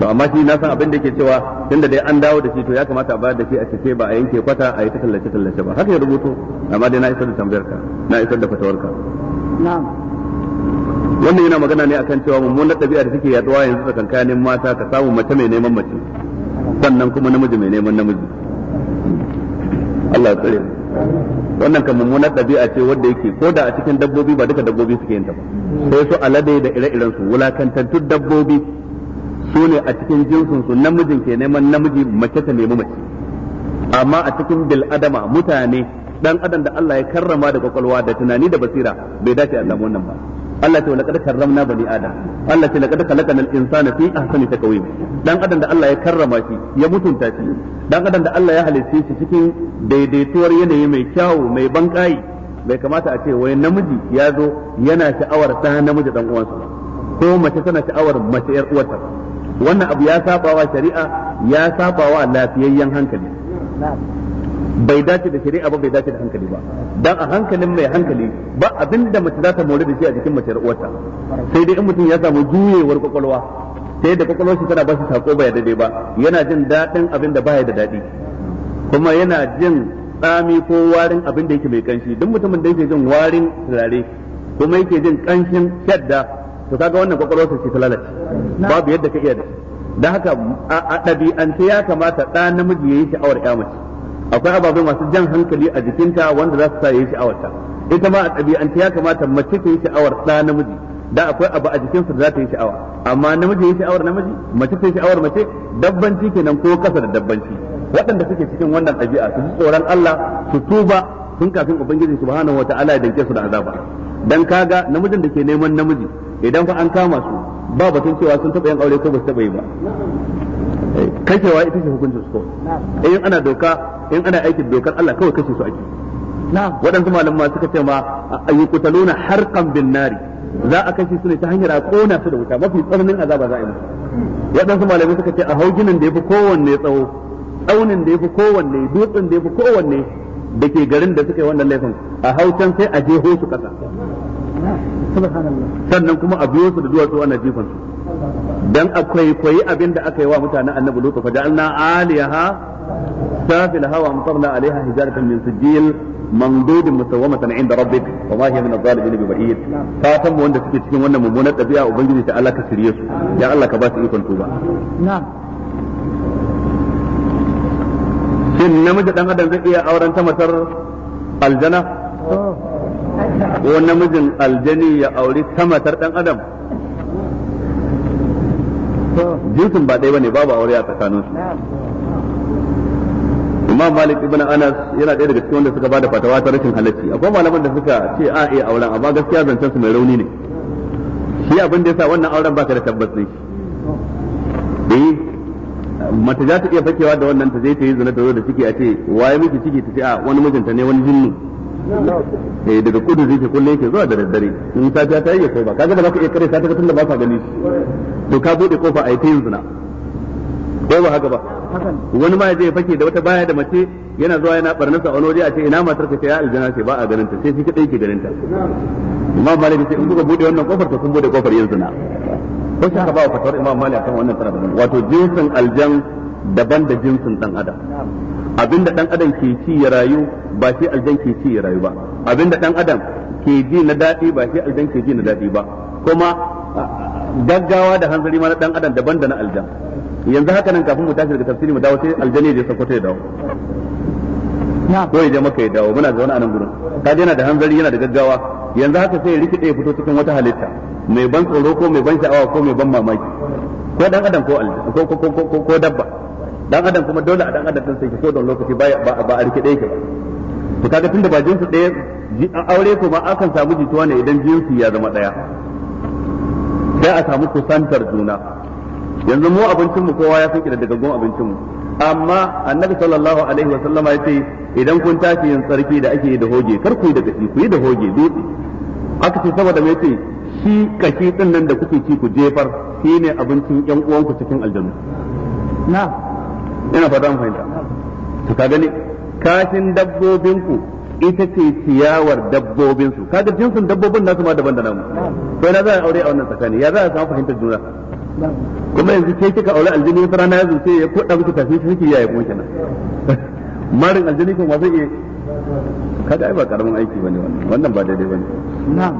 to amma shi na san abin da ke cewa tunda dai an dawo da shi to ya kamata a bayar da shi a cike ba a yanke kwata a yi ta tallace tallace ba haka ya rubuto amma dai na isar da tambayar ka na isar da fatawar ka na'am wannan yana magana ne akan cewa mun ɗabi'a da take yaduwa yanzu tsakankanin mata ka samu mace mai neman mace sannan kuma namiji mai neman namiji Allah ya tsare wannan kan mummunar ɗabi'a ce wanda yake ko da a cikin dabbobi ba duka dabbobi suke yin ta ba sai su alade da ire-iren su wulakantattun dabbobi su ne a cikin jinsin su namijin ke neman namiji mace ta nemi mace amma a cikin bil adama mutane dan adam da Allah ya karrama da kwakwalwa da tunani da basira bai dace a samu wannan ba Allah ce laqad karramna bani adam Allah ce laqad khalaqna al-insana fi ahsani taqwim dan adam da Allah ya karrama shi ya mutunta shi dan adam da Allah ya halice shi cikin daidaituwar yanayi mai kyau mai bankai bai kamata a ce wai namiji ya zo yana sha'awar ta namiji dan uwansa ko mace tana sha'awar mace yar uwarta wannan abu ya sabawa shari'a ya wa lafiyayyen hankali bai dace da shari'a ba bai dace da hankali ba dan a hankalin mai hankali ba abinda mace za ta more da shi a jikin mace uwarta sai dai in mutum ya samu juyewar kwakwalwa sai da kwakwalwar shi tana ba shi sako baya daidai ba yana jin daɗin abin da baya da daɗi kuma yana jin tsami ko warin abin da yake mai kanshi duk mutumin da yake jin warin turare kuma yake jin kanshin shadda to kaga wannan kwakwalwarsa ce ta lalace babu yadda ka iya da dan haka a ɗabi'ance ya kamata ɗa namiji yayi sha'awar ƴa mace akwai ababai masu jan hankali a jikinta wanda za su sa yayi sha'awar ta ita ma a ɗabi'ance ya kamata mace ta yi sha'awar ɗa namiji da akwai abu a jikinsa da za ta yi sha'awa amma namiji yi sha'awar namiji mace ta yi sha'awar mace dabbanci kenan ko kasa da dabbanci waɗanda suke cikin wannan ɗabi'a su tsoron Allah su tuba sun kafin ubangiji subhanahu wataala ya danke su da azaba dan kaga namijin da ke neman namiji idan fa an kama su ba batun cewa sun taɓa yin aure ko ba su taɓa yi ba eh, kashewa ita ce hukuncin su kawai eh, in ana doka in ana aikin dokar Allah kawai kashe su ake waɗansu malamma suka ce ma yuqtaluna har bin nari za a kashe su ne ta hanyar a kona su da wuta mafi tsananin azaba za a yi musu waɗansu malamai suka ce a ginin da ya fi kowanne tsawo tsaunin da ya fi kowanne dutsen da ya fi kowanne da ke garin da suka yi wannan laifin a hau can sai a jeho su ƙasa. sannan kuma a biyo su da duwatsu ana jifan su dan akwai koyi abin da aka yi wa mutanen annabi lutu fa ja'alna aliyaha safil hawa amtarna alaiha hijaratan min sijil mandudin musawwamatan inda rabbik wa ma hiya min adh-dhalimin bi ba'id fatan mu wanda suke cikin wannan mummunar dabi'a ubangiji ta Allah ka shirye su ya Allah ka ba su ikon tuba na'am shin namiji dan adam zai iya auren ta matar aljana oh. ko namijin aljani ya auri ta dan adam jinsin ba ɗaya bane babu aure a tsakanin su imam malik ibn anas yana ɗaya daga cikin wanda suka bada fatawa ta rashin halacci akwai malaman da suka ce a iya auren amma gaskiya zancen su mai rauni ne shi abin da yasa wannan auren baka da tabbas ne eh mata za ta iya fakewa da wannan ta je ta yi zina da zo da ciki a ce waye miki ciki ta ce a wani mijinta ne wani jinnu Eh, daga kudu zai ke kullum yake zuwa da daddare in safiya ta yi ya ba kaga ba za ku iya kare sata tunda ba sa gani to ka bude kofa a yi ta yanzu na ko ba haka ba wani ma zai fake da wata baya da mace yana zuwa yana barnarsa a wani waje a ce ina matar ka ce ya aljana ce ba a ganin ta sai shi kadai ke ganin ta imam malik sai in kuka bude wannan kofar ta kun bude kofar yanzu na. ko shi ba fatawar imam malik akan wannan tsara wato jinsin aljan daban da jinsin dan adam abinda dan adam ke ci ya rayu ba shi aljan ke ci ya rayu ba abinda dan adam ke ji na daɗi ba shi aljan ke ji na daɗi ba kuma gaggawa da hanzari ma na dan adam daban da na aljan yanzu haka nan kafin mu tashi daga tafsiri mu dawo sai aljani da sako ya dawo ko ya je maka ya dawo muna zaune a nan gurin ka yana da hanzari yana da gaggawa yanzu haka sai ya rikide ya fito cikin wata halitta mai ban tsoro ko mai ban sha'awa ko mai ban mamaki ko dan adam ko ko ko ko dabba dan adam kuma dole a dan adam din sai so don lokaci ba ba a rike ɗaya ke ba to kaga tunda ba jinsu ɗaya aure ko ma akan samu jituwa ne idan jinsu ya zama ɗaya sai a samu kusantar juna yanzu mu abincin mu kowa ya san gon abincin mu amma annabi sallallahu alaihi wa sallama yace idan kun tashi yin tsarki da ake yi da hoge kar ku da kashi ku yi da hoge dutse aka ce saboda me yace shi kashi din nan da kuke ci ku jefar shine abincin yan uwanku cikin aljanna na'am ina fata mu fahimta to ka gani kashin dabbobin ku ita ce ciyawar dabbobin su kaga jinsin dabbobin nasu ma daban da namu to na za a aure a wannan tsakani ya za a samu fahimtar juna kuma yanzu sai kika aure aljini wata rana ya zuce ya koda miki tafi shi kike yaya kuma kenan [laughs] marin aljini kuma zai iya kaga ai ba karamin aiki bane wannan wannan ba daidai bane na'am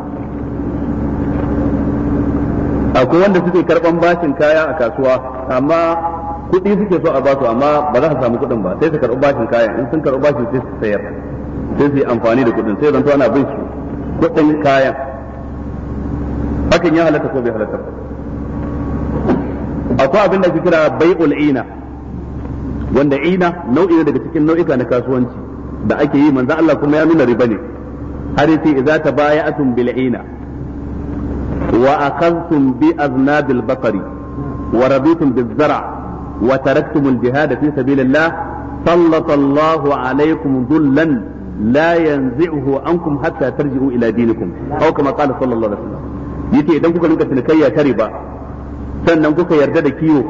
akwai wanda suke karban bashin kaya a kasuwa amma kuɗi suke so a basu amma ba za su samu kuɗin ba sai su karɓi bashin kayan in sun karɓi bashin sai su sayar sai su yi amfani da kuɗin sai zanto ana bin su kuɗin kayan hakan ya halatta ko bai halatta akwai abin da ake kira bai'ul ina wanda ina nau'i ne daga cikin nau'ika na kasuwanci da ake yi manzo Allah kuma ya nuna riba ne har yace idza tabaya'atum bil ina wa akhadhtum bi aznabil baqari wa rabitum biz zara' wa taraktumul jihad fi sabilillah sallallahu alaikum dhullan la yanzi'uhu ankum hatta tarji'u ila dinikum aw kama sallallahu alaihi wasallam yace idan kuka rinka tilkayya kare ba sannan kuka yarda da kiwo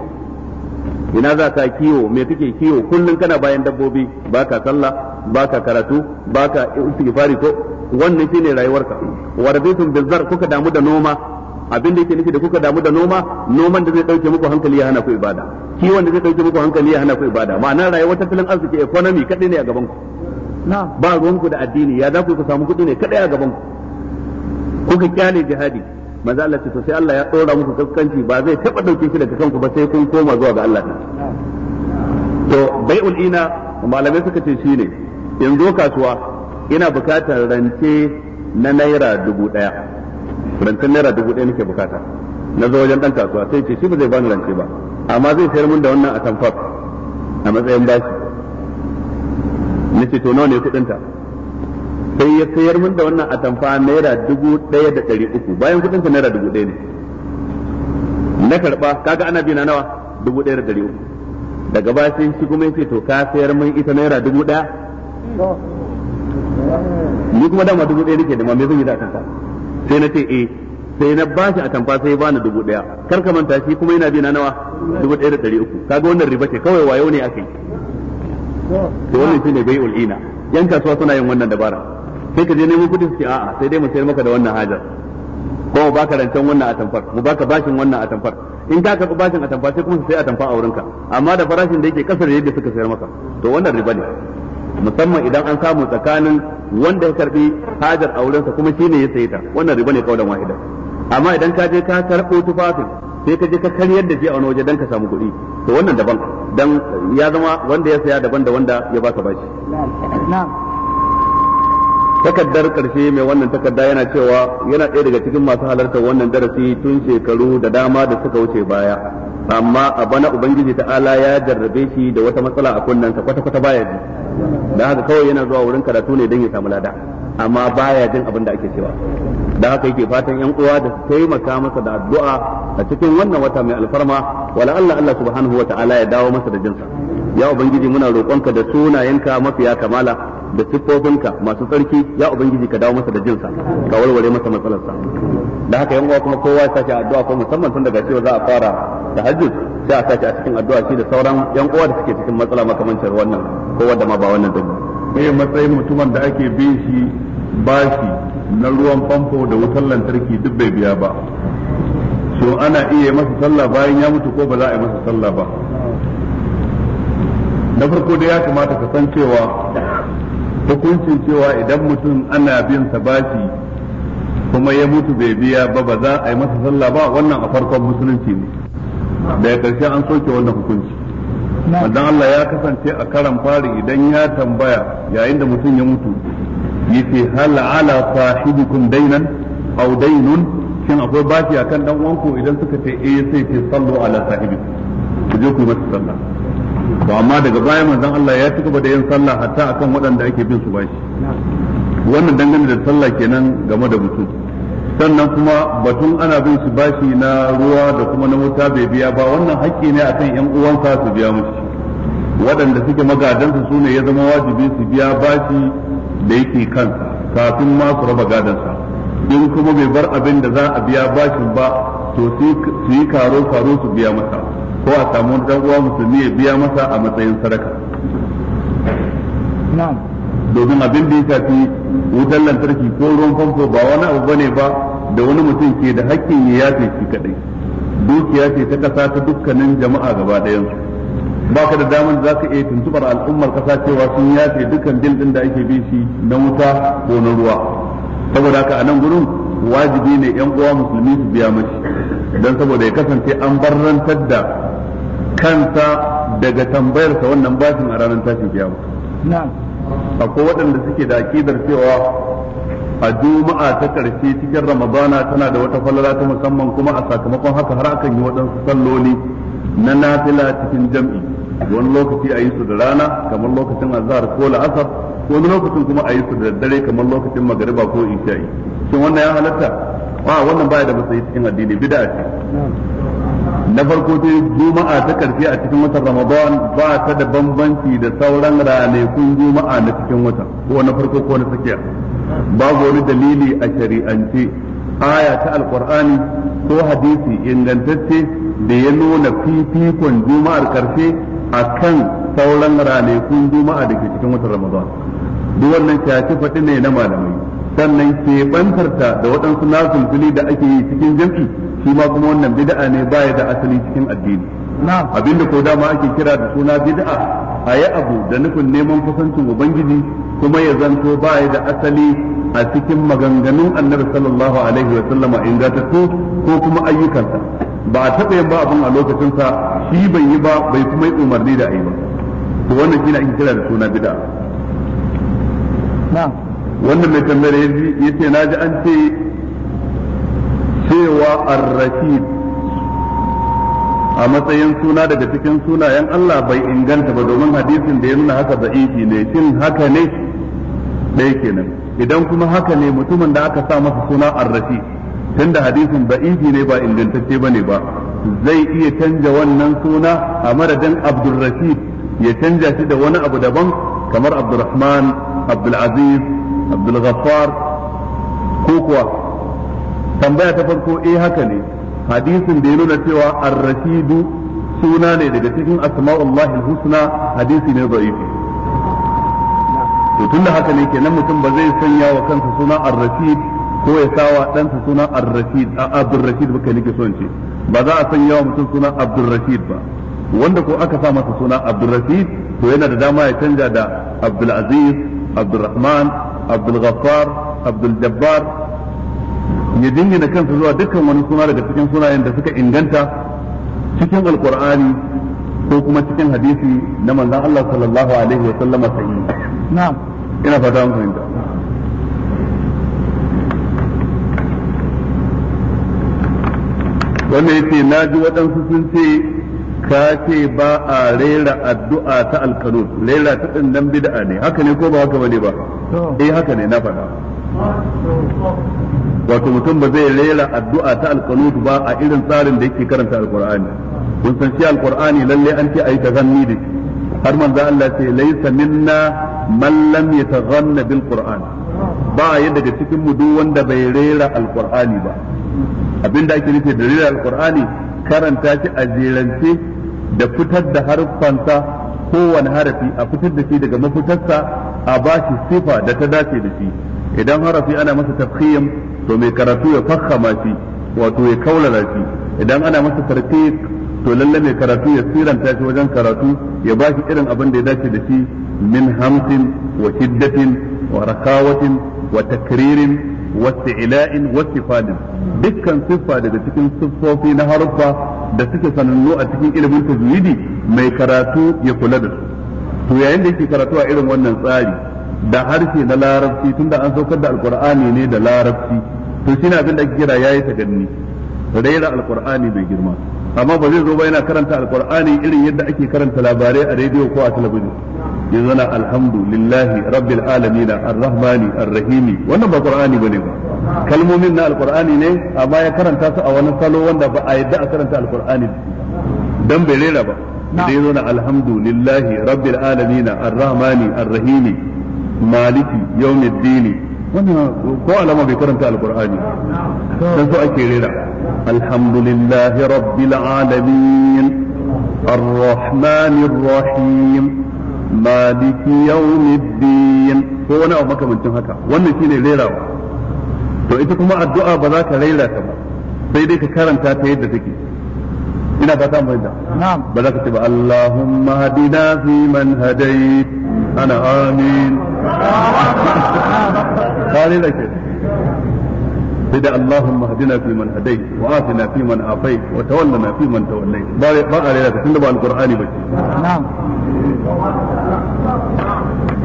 ina za ka kiwo me kake kiwo kullun kana bayan dabbobi baka sallah ka karatu baka istighfari ko wannan shine rayuwarka wa bizar kuka damu da noma abin da yake nufi da kuka damu da noma noman da zai dauke muku hankali ya hana ku ibada kiwon da zai dauke muku hankali ya hana ku ibada ma'ana rayuwar tattalin arziki economy kadai ne a gaban ku ba ruwan ku da addini ya za ku ku samu kuɗi ne kadai a gaban ku kuka kyale jihadi manzo Allah ce to sai Allah ya dora muku kaskanci ba zai taba dauke shi daga kanku ba sai kun koma zuwa ga Allah to bai'ul ina malamai suka ce shine yanzu kasuwa ina bukatar rance na naira dubu daya rancen naira dubu ɗaya nake bukata na zo wajen ɗan kasuwa sai ce shi ba zai bani rance ba amma zai sayar mun da wannan a tamfaf a matsayin bashi nace to nawa ne kuɗin ta sai ya sayar mun da wannan a tamfa naira dubu ɗaya da ɗari uku bayan kuɗin ta naira dubu ɗaya ne na karɓa kaga ana bi na nawa dubu ɗaya da ɗari uku daga bashin shi kuma yace to ka sayar mun ita naira dubu ɗaya ni kuma dama dubu ɗaya nake da ma me zan yi da kanta sai na ce eh sai na bashi a tamfa sai bani dubu daya kar ka manta shi kuma yana bina nawa dubu daya da dari uku kaga wannan riba ce kawai wayo ne akai to wannan shine bai ul'ina. yan kasuwa suna yin wannan dabara sai ka je neman kudi su ce a'a sai dai mu sayar maka da wannan hajar ko mu baka rancen wannan a tamfar mu baka bashin wannan a tamfar in ka karɓi bashin a tamfa sai kuma sai a tamfa a wurinka amma da farashin da yake kasar yadda suka sayar maka to wannan riba ne musamman idan an samu tsakanin wanda ya karbi hajar aurensa kuma shi ne ya sayi ta wannan riba ne kawai wahida amma idan ka je ka karɓo tufafin sai ka je ka karyar da shi a wani waje dan ka samu kuɗi to wannan daban dan ya zama wanda ya saya daban da wanda ya baka bashi takardar karshe mai wannan takarda yana cewa yana ɗaya daga cikin masu halartar wannan darasi tun shekaru da dama da suka wuce baya amma a bana ubangiji ta'ala ya jarrabe shi da wata matsala a kunnensa kwata-kwata baya ji da haka kawai yana zuwa wurin karatu ne don ya samu lada amma baya jin abin da ake cewa da haka yake fatan yan uwa da taimaka masa da addu'a a cikin wannan wata mai alfarma wala Allah Allah subhanahu wataala ya dawo masa da jinsa ya ubangiji muna roƙonka da sunayenka mafiya kamala da siffofinka masu tsarki ya ubangiji ka dawo masa da jinsa ka warware masa matsalarsa da haka yan uwa kuma kowa ya sake addu'a ko musamman tun daga cewa za a fara hajji sai a sake a cikin addu'a shi da sauran yan uwa da suke cikin matsala makamancin wannan ko wanda ma ba wannan dabi me matsayin mutumin da ake bin shi bashi na ruwan famfo da wutar lantarki duk bai biya ba so ana iya masa sallah bayan ya mutu ko ba za a yi masa sallah ba na farko da ya kamata ka san cewa hukuncin cewa idan mutum ana bin sa bashi kuma ya mutu bai biya ba ba za a yi masa sallah ba wannan a farkon musulunci ne daga ƙarshe an soke wannan hukunci wannan Allah ya kasance a karan fari idan ya tambaya yayin da mutum ya mutu yace hal ala sahibikum dainan aw dainun shin akwai bashi akan dan uwanku idan suka ce eh sai ke sallu ala sahibikum ku je ku yi masa sallah to amma daga baya manzon Allah ya ci gaba da yin sallah hatta akan waɗanda ake bin su bashi wannan dangane da sallah kenan game da mutum sannan kuma batun ana bin su bashi na ruwa da kuma na wuta bai biya ba wannan haƙƙi ne akan ƴan uwansa su biya mushi waɗanda suke magadansa su ne ya zama wajibi su biya bashi da yake kansa kafin ma su raba gadansa in kuma bai bar abin da za a biya bashin ba to su yi karo karo su biya masa ko a samu dan uwa musulmi ya biya masa a matsayin sadaka domin abin da ya shafi wutar lantarki ko ruwan famfo ba wani abu bane ba da wani mutum ke da hakkin ya yafe shi kadai dukiya ce ta kasa ta dukkanin jama'a gaba ɗayan ba ka da damar za ka iya tuntubar al'ummar kasa cewa sun yafe dukkan bil din da ake bi shi na wuta ko na ruwa saboda haka a nan gurin wajibi ne yan uwa musulmi su biya mashi don saboda ya kasance an barrantar da kansa daga tambayarsa wannan bashin a ranar tashin kiyama akwai waɗanda suke da akidar cewa a juma'a ta ƙarshe cikin ramadana tana da wata falala ta musamman kuma a sakamakon haka har akan yi waɗansu salloli na nafila cikin jam'i wani lokaci a yi su da rana kamar lokacin azhar ko la'asar wani lokacin kuma a yi su da dare kamar lokacin magariba ko isha'i shin wannan ya halatta ba wannan baya da matsayi cikin addini bid'a ce na farko dai juma'a ta karfi a cikin watan ramadan ba ta da bambanci da sauran ranakun juma'a na cikin wata ko na farko ko na tsakiya babu wani dalili a shari'ance aya ta alqur'ani ko hadisi ingantacce da ya nuna fifikon juma'ar karshe kan sauran ranakun juma'a da ke cikin watan ramadan duk wannan shafi faɗi ne na malamai sannan keɓantarta da waɗansu nasu fili da ake yi cikin jam'i shi ma kuma wannan bid'a ne baya da asali cikin addini abinda ko dama ake kira da suna bid'a a yi abu da nufin neman kusancin ubangiji kuma ya zanto ba ya da asali a cikin maganganun annabi sallallahu alaihi wa sallama ingantattu ko kuma ayyukansa ba a taɓa yin ba abin a lokacinsa shi bai yi ba bai kuma yi umarni da ayi ba to wannan shine ake kira da suna bid'a wannan mai tambayar yace na ji an ce cewa ar-rashid a matsayin suna daga cikin sunayen Allah bai inganta ba domin hadisin da ya nuna haka da'ifi ne shin haka ne ɗaya kenan idan kuma haka ne mutumin da aka sa masa suna arrafi da hadisin da'ifi ne ba ingantacce bane ba zai iya canja wannan suna a madadin abdulrashid ya canja shi da wani abu daban kamar abdulrahman abdulaziz abdulghaffar ko kuwa tambaya ta farko eh haka ne hadisin da ya nuna cewa ar-rashidu suna ne daga cikin asma'ullahi husna hadisi ne za'ifi to tunda haka ne kenan mutum ba zai sanya wa kansa suna ar-rashid ko ya sawa ɗansa suna ar-rashid a abdur-rashid ba kai son ce ba za a sanya wa mutum suna abdur-rashid ba wanda ko aka sa masa suna abdur-rashid to yana da dama ya canja da abdul aziz abdul rahman abdul ghaffar abdul jabbar ya dingina kansa zuwa dukkan wani suna daga cikin sunayen da suka inganta cikin alkur'ani ko kuma cikin hadisi na manzon Allah sallallahu alaihi wa sallama sahihi na'am ina fata an fahimta wannan yace na ji waɗansu sun ce ka ce ba a rera addu'a ta alkanun rera ta ɗanɗan bid'a ne haka ne ko ba haka bane ba eh haka ne na faɗa wato mutum ba zai rera addu'a ta alkanun ba a irin tsarin da yake karanta alkur'ani kun san shi alkur'ani lalle an ce ayi tazanni da shi har manzo Allah ce laysa minna man lam yatazanna bil qur'an ba yadda daga cikin mu duk wanda bai rera alkur'ani ba abinda ake nufi da rera alkur'ani karanta shi a jirance. da fitar da harfansa kowane harafi a fitar da shi daga mafitarsa a ba shi sifa da ta dace da shi idan harafi ana masa tafkhim to mai karatu ya fakhama shi wato ya kaulala shi idan ana masa tarqiq to lalle mai karatu ya siranta shi wajen karatu ya ba shi irin abin da ya dace da shi min hamsin wa shiddatin wa rakawatin wa takririn wa isti'la'in wa istifalin dukkan siffa daga cikin siffofi na haruffa da suke sanannu a cikin ilimin tajwidi mai karatu ya kula da su to yayin da yake karatu a irin wannan tsari da harshe na larabci tunda an saukar da alqur'ani ne da larabci to shi na abin da ake kira yayi taganni raira alqur'ani mai girma amma ba zai zo ba yana karanta alqur'ani irin yadda ake karanta labarai a rediyo ko a talabijin yana alhamdulillahi rabbil alamin arrahmani arrahimi wannan ba qur'ani bane ba kalmomin na alqur'ani ne amma ya karanta su a wani salo wanda ba a yadda a karanta alqur'ani dan bai rera ba da yazo na alhamdulillahi rabbil alamin arrahmani arrahimi maliki yawmiddini ko alama bai karanta alqur'ani dan so ake rera alhamdulillahi rabbil alamin الرحمن الرحيم maliki yawmiddin ko wani abu makamancin haka wannan shine rerawa to ita kuma addu'a ba za ka raira ta ba sai dai ka karanta ta yadda take ina ba ta mai da ba za ka ce ba Allahumma hadina fi man hadait ana amin [laughs] بدع اللهم اهدنا فيمن هديت وآتنا فيمن عافيت وتولنا فيمن توليت بقى لك تنبع القرآن بك نعم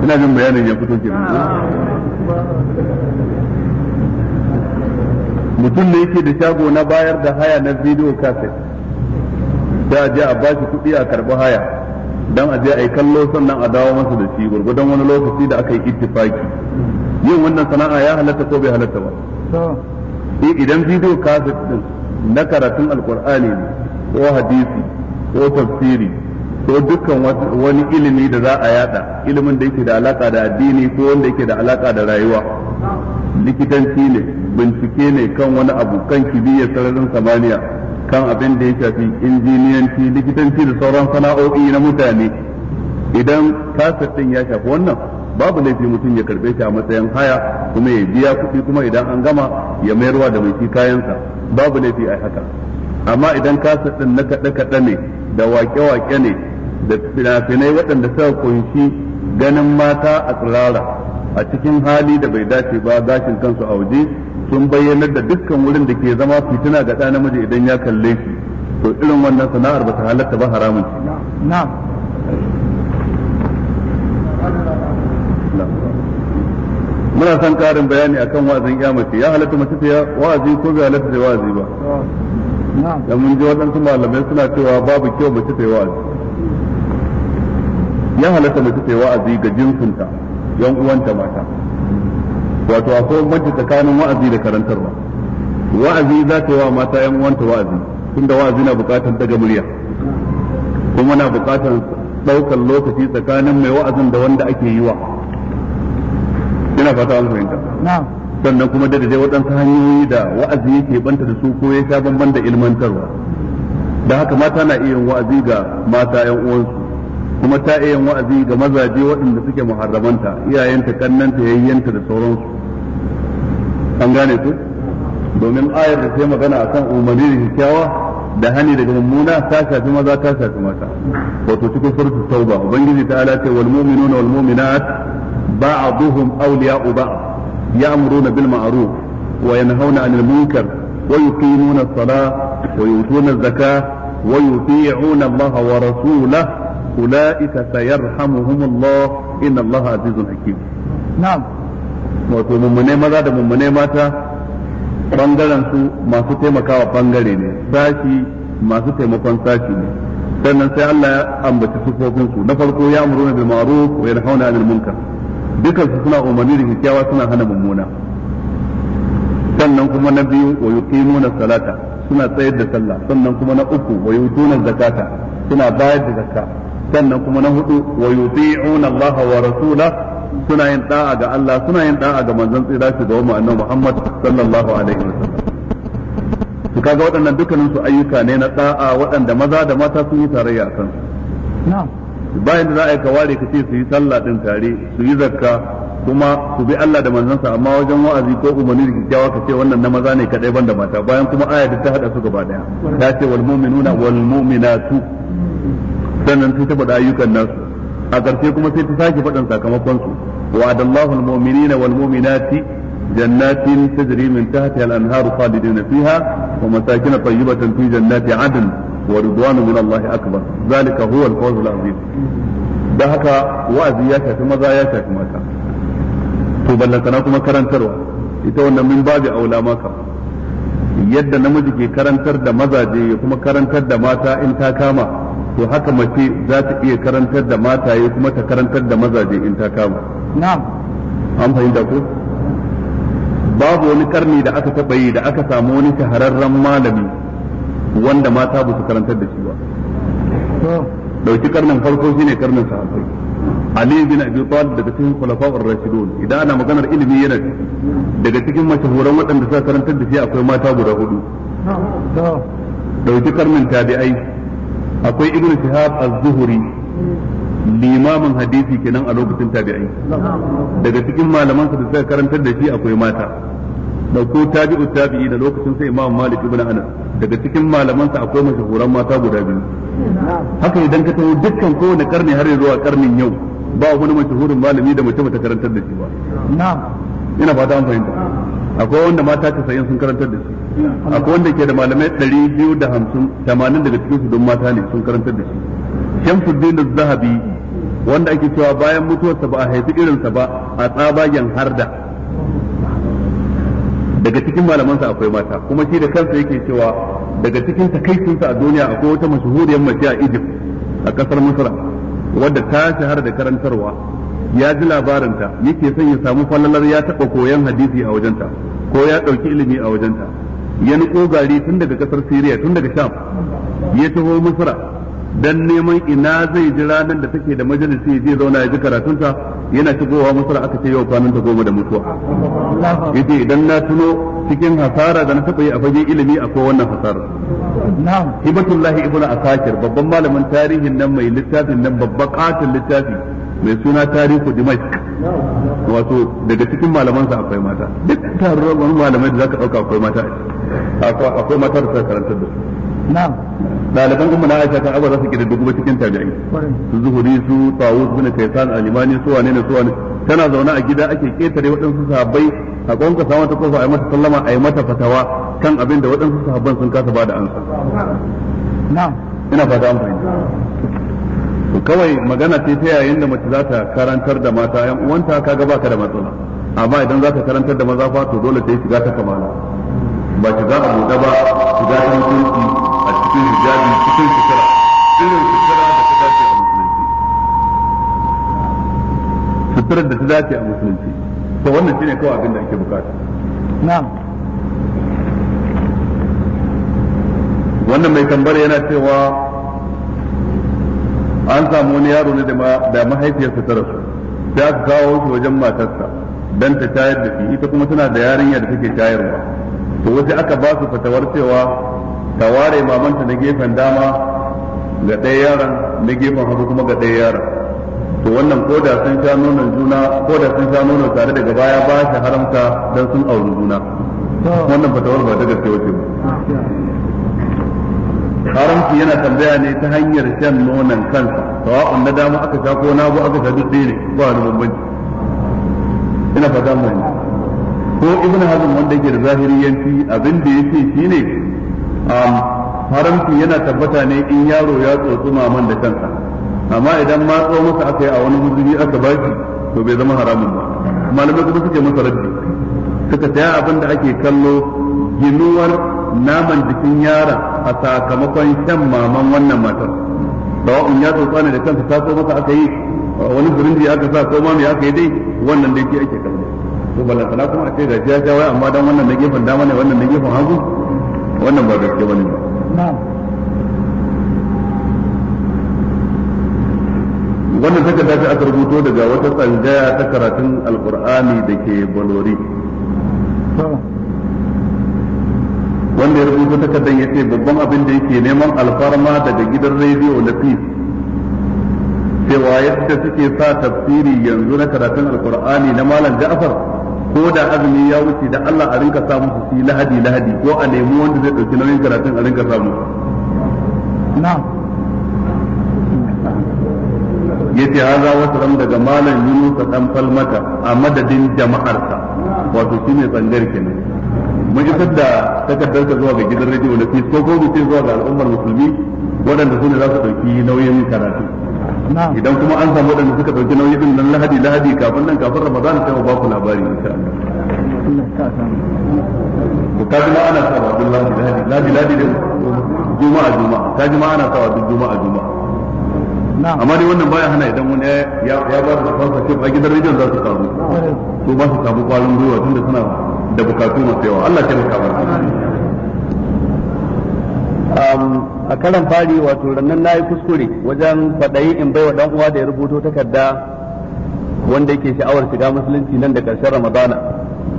ina jin bayanin ya fito kenan mutum ne yake da shago na bayar da haya na video kaset da a je a bashi kuɗi a karɓi haya don a je a yi kallo sannan a dawo masa da shi gurgudan wani lokaci da aka yi ittifaki yin wannan sana'a ya halatta ko bai halatta ba e, idan bidiyo kaset din na karatun alkur'ani ne ko hadisi ko tafsiri ko dukkan wani ilimi da za a yada ilimin da yake da alaka da addini ko wanda yake da alaka da rayuwa likitanci ne bincike ne kan wani abu kan kibiyar sararin samaniya kan abin da ya shafi injiniyanci likitanci da sauran sana'o'i na mutane idan kaset din ya shafi wannan babu laifi mutum ya karbe shi a matsayin haya kuma ya biya kuɗi kuma idan an gama ya mayarwa da mai shi kayansa babu laifi a haka amma idan kasa ɗin na kaɗe kaɗe ne da wake waƙe ne da fina-finai waɗanda suka kunshi ganin mata a tsirara a cikin hali da bai dace ba gashin kansu a waje sun bayyanar da dukkan wurin da ke zama fituna ga ɗa namiji idan ya kalle shi to irin wannan sana'ar ba ta halatta ba haramun na'am muna son karin bayani akan wa'azin kyamace ya halatta mace ta wa'azi ko bai halatta ta wa'azi ba da mun ji waɗansu malamai suna cewa babu kyau mace ta wa'azi ya halatta mace ta wa'azi ga jinsunta yan uwanta mata wato akwai mace tsakanin wa'azi da karantarwa wa'azi za ta wa mata yan uwanta wa'azi tunda wa'azi na buƙatar daga murya kuma na buƙatar ɗaukar lokaci tsakanin mai wa'azin da wanda ake yi wa ina fata an fahimta sannan kuma da dai waɗansu hanyoyi da wa'azi yake banta da su ko ya sha banban da ilmantarwa da haka mata na iya wa'azi ga mata yan uwansu kuma ta iya wa'azi ga mazaje waɗanda suke muharramanta iyayenta kannanta yayyanta da sauransu an gane su domin ayar da sai magana akan umarni da kyakkyawa da hani daga mummuna ta shafi maza ta shafi mata wato cikin suratul tauba ubangiji ta ala ce wal mu'minuna wal mu'minat ba'duhum awliya'u ba'd ya'muruna bil ma'ruf wa yanhauna 'anil munkar wa yuqimuna as-salata wa yu'tuna az-zakata wa yuti'una Allah wa rasulahu hakim wato mummune maza da mummune mata bangaren su masu taimakawa bangare ne sashi masu taimakon sashi ne sannan sai Allah ya ambaci sufofin su na farko ya amuru bil ma'ruf wa yanhauna 'anil munkar dukan su suna umarni da kyakkyawa suna hana mummuna sannan kuma na biyu wa yuqimuna salata suna tsayar da sallah sannan kuma na uku wa yutuna zakata suna bayar da zakka sannan kuma na hudu wa yuti'una Allah wa rasula suna yin da'a ga Allah suna yin da'a ga manzon tsira shi ga annabi Muhammad sallallahu alaihi wasallam su kaga waɗannan dukkanin su ayyuka ne na da'a waɗanda maza da mata sun yi tarayya a na'am bayan da za a yi kaware ka ce su yi sallah din tare su yi zakka kuma su bi Allah da manzansa amma wajen wa'azi ko umarni da kyakkyawa ka ce wannan na maza ne kadai banda mata bayan kuma aya ta hada su gaba daya ta ce wal mu'minuna wal mu'minatu sannan sai ta faɗa ayyukan nasu a ƙarshe kuma sai ta sake faɗin sakamakon su wa'adallahu al mu'minina wal mu'minati جنات تجري al anharu الأنهار خالدين فيها ومساكن طيبة في جنات عدن ورضوان من الله Allah ذلك هو huwa العظيم fawzul azim dan haka wa'azi ya shafi maza ya shafi mata to ballantana kuma karantarwa ita wannan min babu aula maka yadda namiji ke karantar da mazaje ya kuma karantar da mata in ta kama to haka mace za ta iya karantar da mata ya kuma ta karantar da mazaje in ta kama na'am an fahimta ko babu wani karni da aka taɓa yi da aka samu wani shahararren malami wanda mata ba su karantar da shi ba dauki karnin farko shine karnin sahabbai Ali bin Abi Talib daga cikin khulafa'ur rashidun idan ana maganar ilimi yana daga cikin mashahuran waɗanda suka karantar da shi akwai mata guda hudu dauki karnin tabi'ai akwai ibnu Shihab az-Zuhri limamin hadisi kenan a lokacin tabi'ai daga cikin malaman da suka karantar da shi akwai mata dauko tabi'u tabi'i da lokacin sai imam malik ibn anas daga cikin malaman sa akwai mashahuran mata guda biyu haka idan ka tawo dukkan kowane karni har zuwa karnin yau ba wani mashahurin malami da mutum ta karantar da shi ba na'am ina fata an fahimta akwai wanda mata ta sayin sun karantar da shi akwai wanda ke da malamai ɗari biyu da hamsin tamanin daga cikin su don mata ne sun karantar da shi shamsuddin zahabi wanda ake cewa bayan mutuwarsa ba a haifi irinsa ba a tsabagen harda daga cikin malamansa akwai mata kuma shi da kansa yake cewa daga cikin takaicinsa a duniya akwai wata mashahuriyar mace a Egypt a kasar Misra wadda ta shahara da karantarwa ya ji labarinta yake son ya samu fallalar ya taba koyon hadisi a wajenta ko ya ɗauki ilimi a wajenta ya niƙo gari tun daga kasar Syria tun daga Sham ya taho Misra dan neman ina zai ji ranar da take da majalisi zai zauna ya ji karatunta yana shigowa musara aka ce yau kwanan ta goma da mutuwa yace idan na tuno cikin hasara da na taɓa yi a fage ilimi akwai wannan hasara hibatullahi ibnu asakir babban malamin tarihin nan mai littafin nan babba katin littafi mai suna tarihu dimash wato daga cikin malamansa akwai mata duk taron malamai da zaka dauka akwai mata akwai mata da suka karantar da su na'am ɗaliban ummu na Aisha kan za su kida duk ba cikin tabi'ai su zuhuri su su ne kaisan alimani su wane ne su wane tana zaune a gida ake ketare waɗansu sahabbai a kwanka samun ta kofa a yi mata sallama a yi mata fatawa kan abin da waɗansu sahabban sun kasa ba da ansa ina fata an kawai magana ce ta yayin da mace za ta karantar da mata yan uwanta ka gaba baka da matsala amma idan za ka karantar da maza fa to dole ta yi shiga ta kamala ba shiga buɗe ba shiga ta mutunci cikin hijabi cikin sutura irin sutura da ta dace a musulunci suturar da ta dace a musulunci to wannan shine kawai abin da ake bukata na'am wannan mai tambara yana cewa an samu wani yaro ne da mahaifiyarsa ta rasu sai aka kawo shi wajen matarsa don ta tayar da shi ita kuma tana da yarinya da take tayarwa, to wasu aka ba su fatawar cewa ta ware mamanta na gefen dama ga ɗaya yaran na gefen hagu kuma ga ɗaya yaran, to wannan ko da sun sha nonon juna ko da sun sha nonon tare daga baya ba shi haramta don sun auri juna wannan fatawar ba ta gaske wace ba haramci yana tambaya ne ta hanyar shan nonon kansa sawa'un na dama aka sha ko na bu aka sha duk ɗaya ne ba wani bambanci ina fata mai ko ibn hazm wanda yake da zahiri yanci abin da yake shine haramci yana tabbata ne in yaro ya tsotsi maman da kansa amma idan ma tso masa aka yi a wani guzuri aka baki to bai zama haramun ba malamai kuma suke masa raddi suka taya abin da ake kallo ginuwar naman jikin yara a sakamakon shan maman wannan matar sawa'un ya tsotsa ne da kansa ta tso masa aka yi wani burundi aka sa ko ma me aka yi dai wannan dai ke ake kallo to balantana kuma a ce ga jiya jawai amma dan wannan na gefen dama ne wannan na gefen hagu wannan ba gaske bane ba wannan take da aka rubuto daga wata tsangaya ta karatun alkur'ani da ke bolori wanda ya rubuta takardar ya ce babban abin da yake neman alfarma daga gidan rediyo na peace cewa yadda suke sa tafsiri yanzu na karatun alkur'ani na malam ja'far ko da azumi ya wuce da Allah a rinka sa musu su lahadi lahadi ko a nemi wanda zai dauki nauyin karatun a rinka sa musu ce yace haza wasu ram daga malam Yunus dan falmata a madadin jama'arsa wato ne tsangar kenan mun isa da takardar ta zuwa ga gidan rediyo na Fis ko ko mu ce zuwa ga al'ummar musulmi waɗanda su ne za su dauki nauyin karatu idan kuma an samu waɗanda suka ɗauki nauyi din nan lahadi lahadi kafin nan kafin ramadan sai mu ba ku labari insha Allah ka ji ma ana sawa duk lahadi lahadi lahadi lahadi da juma'a juma'a ka ji ma ana sawa duk juma'a juma'a amma dai wannan baya hana idan wani ya ba da ce a gidan rijiyar za su samu su ba su samu kwarin gwiwa tunda suna da bukatu masu yawa Allah ya taimaka mana a karan fari wato rannan na yi kuskure wajen faɗayi in baiwa dan uwa da ya rubuto takarda wanda yake sha'awar shiga musulunci nan da ƙarshen ramadana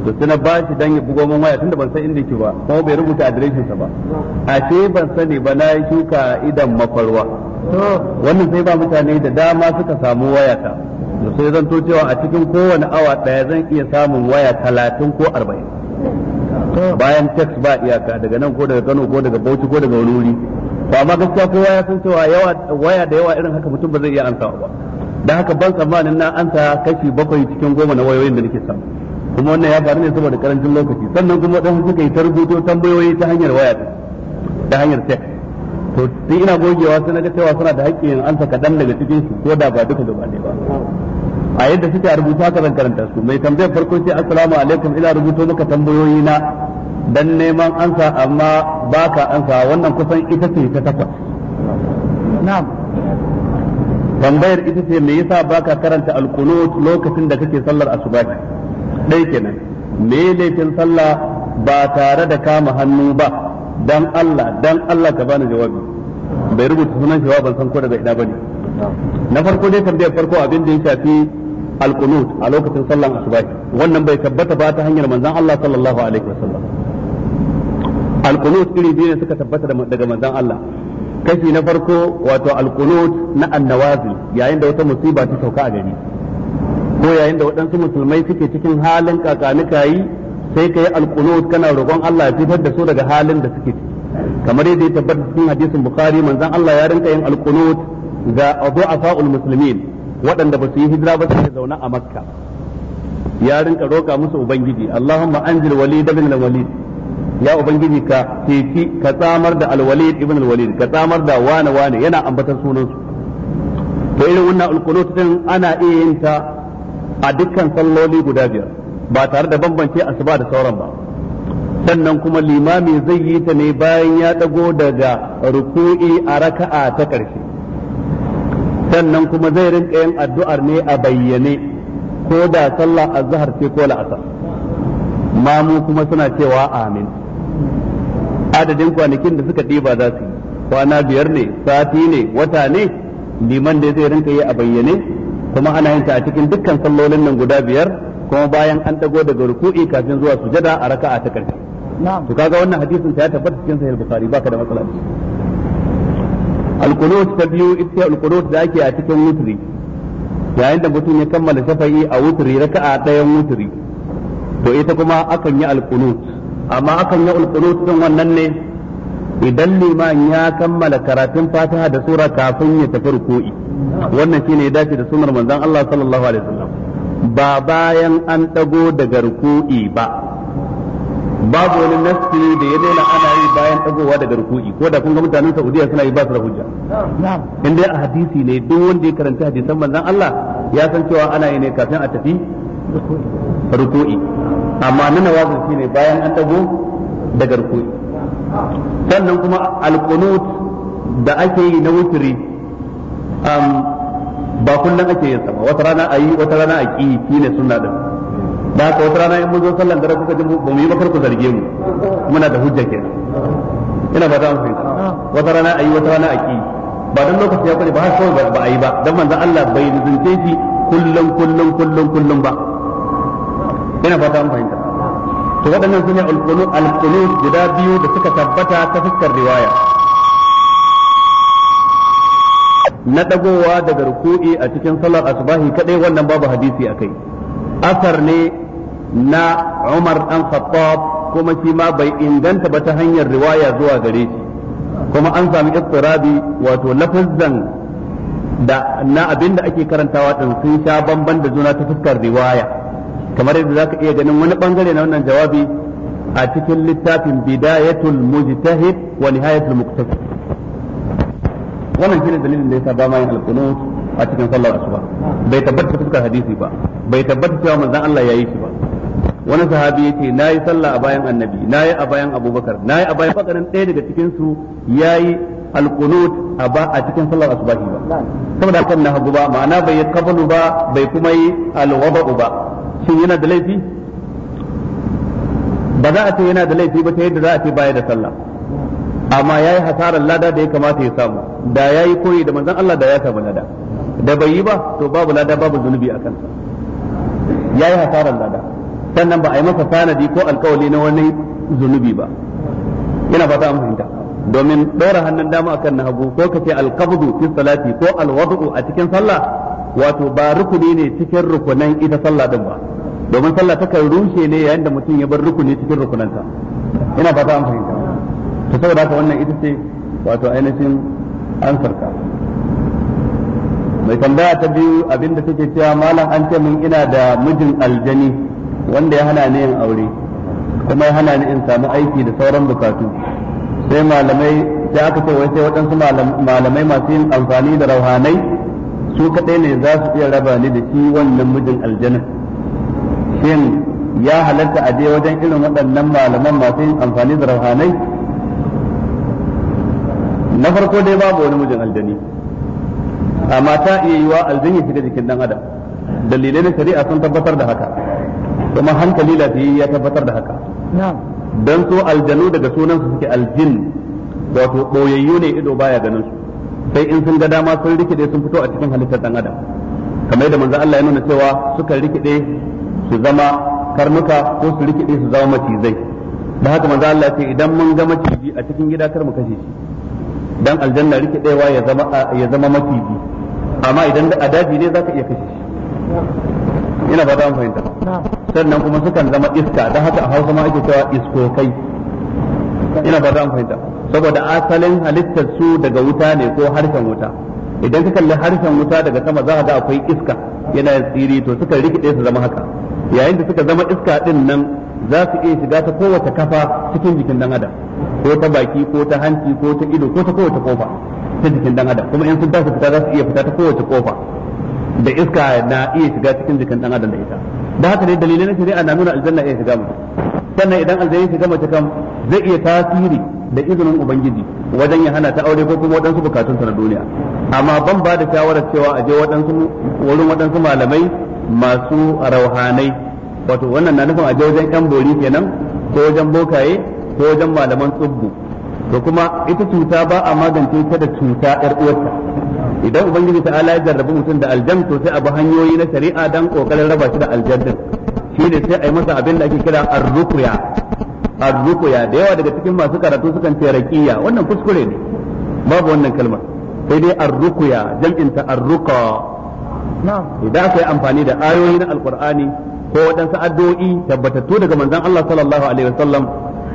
to suna ba shi dan ya bugo min waya tunda ban san inda yake ba kuma bai rubuta adireshin sa ba a ce ban sani ba na yi shuka idan mafarwa wannan sai ba mutane da dama suka samu wayata to sai zan to cewa a cikin kowane awa ɗaya zan iya samun waya talatin ko arba'in bayan tax ba iyaka daga nan ko daga Kano ko daga Bauchi ko daga wani wuri to amma gaskiya kowa ya san cewa yawa waya da yawa irin haka mutum ba zai iya ansa ba dan haka ban tsammanin na ansa kashi bakwai cikin goma na wayoyin da nake samu kuma wannan ya faru ne saboda karancin lokaci sannan kuma dan suka yi tarbuto tambayoyi ta hanyar waya ta hanyar tax to sai ina gogewa sai naga cewa suna da haƙƙin ansa kadan daga cikin su ko da ba duka gaba ɗaya ba a yadda suke a rubuta haka zan karanta su mai tambayar farko sai assalamu alaikum ina rubuto maka tambayoyi na dan neman ansa amma baka ansa wannan kusan ita ce ta takwas na'am tambayar ita ce me yasa baka karanta alqunut lokacin da kake sallar asuba dai kenan me kin sallah ba tare da kama hannu ba dan Allah dan Allah ka bani jawabi bai rubuta sunan jawaban san ko daga ina bane na farko dai tambayar farko abin da ya shafi alqunut a lokacin sallan asuba wannan bai tabbata ba ta hanyar manzon Allah sallallahu alaihi wasallam alqunut iri biyu ne suka tabbata daga manzon Allah kashi na farko wato alqunut na annawazil yayin da wata musiba ta sauka a gari ko yayin da waɗansu musulmai suke cikin halin kakanikayi yi sai kai alqunut kana roƙon Allah ya fitar da su daga halin da suke ciki kamar yadda ya tabbata cikin hadisin bukhari manzon Allah ya rinka yin alqunut ga adu'afa muslimin waɗanda ba su yi hijira ba suke zaune a makka ya rinka roƙa musu ubangiji allahumma anzil walid ibn al-walid ya ubangiji ka ceci ka tsamar da al-walid ibn al-walid ka tsamar da wane wane yana ambatar sunan su to irin wannan al din ana iya yin ta a dukkan salloli guda biyar ba tare da bambance asuba da sauran ba sannan kuma limami zai yi ta ne bayan ya dago daga ruku'i a raka'a ta ƙarshe sannan kuma zai rinka yin addu'ar ne a bayyane ko da sallah azhar ce ko la'asar mamu kuma suna cewa amin adadin kwanakin da suka ɗiba za su yi kwana biyar ne sati ne wata ne liman da zai rinka yi a bayyane kuma ana yin ta a cikin dukkan sallolin nan guda biyar kuma bayan an dago daga ruku'i kafin zuwa sujada a raka'a ta ƙarshe to kaga wannan hadisin sai ya tabbata cikin sahih bukhari baka da matsala alqunut ta biyu ita alqunut da ake a cikin wuturi yayin da mutum ya kammala shafa'i a wutri raka'a ɗayan wuturi to ita kuma akan yi alqunut amma akan yi alqunut din wannan ne idan liman ya kammala karatun fatiha da sura kafin ya tafi ruku'i wannan shine ya dace da sunnar manzon Allah sallallahu alaihi wasallam ba bayan an dago daga ruku'i ba babu wani nasti da ya daina ana yi bayan dagowa daga ruku'i ko da kun ga mutanen Saudiya suna yi ba su da hujja in dai a hadisi ne duk wanda ya karanta hadisan manzon Allah ya san cewa ana yi ne kafin a tafi ruku'i amma nuna wazin shine bayan an dago daga ruku'i sannan kuma alqunut da ake yi na wutri ba kullum ake yin sa ba wata rana ayi wata rana a ki shine sunna din da haka wata rana in mun zo sallan dare kuka ji ba mu yi ba ku zarge mu muna da hujja kenan ina ba za mu fahimta wata rana ayi wata rana a ki ba dan lokaci ya kare ba har kawai ba a yi ba dan manzon Allah bai zunce shi kullum kullum kullum kullum ba ina ba za mu fahimta to waɗannan sune alqunu alqunu guda biyu da suka tabbata ta fuskar riwaya na dagowa daga ruku'i a cikin sallar asbahi kadai wannan babu hadisi akai asar ne na Umar dan Khattab kuma shi ma bai inganta ba ta hanyar riwaya zuwa gare shi kuma an sami istirabi wato lafazzan da na abin da ake karantawa din sun sha bamban da juna ta fuskar riwaya kamar yadda zaka iya ganin wani bangare na wannan jawabi a cikin littafin bidayatul mujtahid wa nihayatul muqtasid wannan shine dalilin da yasa ba ma yin alqunut a cikin sallar asuba bai tabbata fuskar hadisi ba bai tabbata cewa manzon Allah yayi shi ba wani sahabi yace nayi sallah a bayan annabi nayi a bayan abubakar nayi a bayan bakarin ɗaya daga cikin su yayi alqunut a ba a cikin sallar asubahi ba saboda kan na hagu ba ma'ana bai yi kabalu ba bai kuma yi alwada'u ba shin yana da laifi ba za a ce yana da laifi ba ta yadda za a ce baya da sallah amma yayi hasarar lada da ya kamata ya samu da yayi koyi da manzon Allah da ya samu lada da bai yi ba to babu lada babu zunubi a sa yayi hasarar lada sannan ba a yi masa tanadi ko alkawali na wani zunubi ba ina fata an fahimta domin ɗora hannun dama akan na hagu ko kace alqabdu fi salati ko alwadu a cikin sallah wato ba rukuni ne cikin rukunan ita sallah din ba domin sallah ta kan rushe ne yayin da mutum ya bar rukuni cikin rukunanta ina fata an fahimta to saboda haka wannan ita ce wato ainihin ansarka mai tambaya ta biyu abinda take cewa malam an ce min ina da mijin aljani wanda ya hana ni yin aure kuma ya hana ni in samu aiki da sauran bukatu sai malamai sai aka ce wai sai waɗansu malamai masu yin amfani da rauhanai su kaɗai ne za su iya raba ni da shi wannan mijin aljanna shin ya halatta a je wajen irin waɗannan malaman masu yin amfani da rauhanai na farko dai babu wani mijin aljani amma ta iya yiwa aljani shiga jikin dan adam dalilai na shari'a sun tabbatar da haka kuma hankali lafiya ya tabbatar da haka dan so aljanu daga sunan su suke aljin wato boyayyu ne ido baya ganin su sai in sun ga dama sun rikide sun fito a cikin halittar dan adam kamar yadda manzo Allah ya nuna cewa suka rikide su zama karnuka ko su rikide su zama macizai da haka manzo Allah ya ce idan mun ga maciji a cikin gida kar mu kashe shi dan aljanna rikidewa ya zama ya zama maciji amma idan a daji ne zaka iya kashe shi ina ba an fahimta sannan kuma sukan zama iska don haka a hausa ma ake cewa iskokai ina ba an fahimta saboda asalin halittar su daga wuta ne ko harshen wuta idan ka kalli harshen wuta daga sama za ka ga akwai iska yana tsiri to suka rikide su zama haka yayin da suka zama iska din nan za su iya shiga ta kowace kafa cikin jikin dan adam ko ta baki ko ta hanci ko ta ido ko ta kowace kofa ta jikin dan adam kuma in sun tashi fita za su iya fita ta kowace kofa da iska na iya shiga cikin jikin dan adam da ita da haka ne dalilai na shari'a na nuna aljanna iya shiga mutum sannan idan aljanna shiga mace kan zai iya tasiri da izinin ubangiji wajen ya hana ta aure ko kuma waɗansu bukatun ta na duniya amma ban ba da shawarar cewa a je waɗansu wurin waɗansu malamai masu rauhanai wato wannan na nufin a je wajen yan bori kenan ko wajen bokaye ko wajen malaman tsubbu da kuma ita cuta ba a magance ta da cuta yar uwarta idan ubangiji ta ala ya jarrabi mutum da aljan to sai a hanyoyi na shari'a dan kokarin raba shi da aljan shi ne sai a yi masa abin da ake kira arruqya arruqya da yawa daga cikin masu karatu sukan ce raqiya wannan kuskure ne babu wannan kalmar sai dai arruqya jam'in ta arruqa idan aka yi amfani da ayoyi na alqur'ani ko waɗansu addu'o'i tabbatattu daga manzon Allah sallallahu alaihi wasallam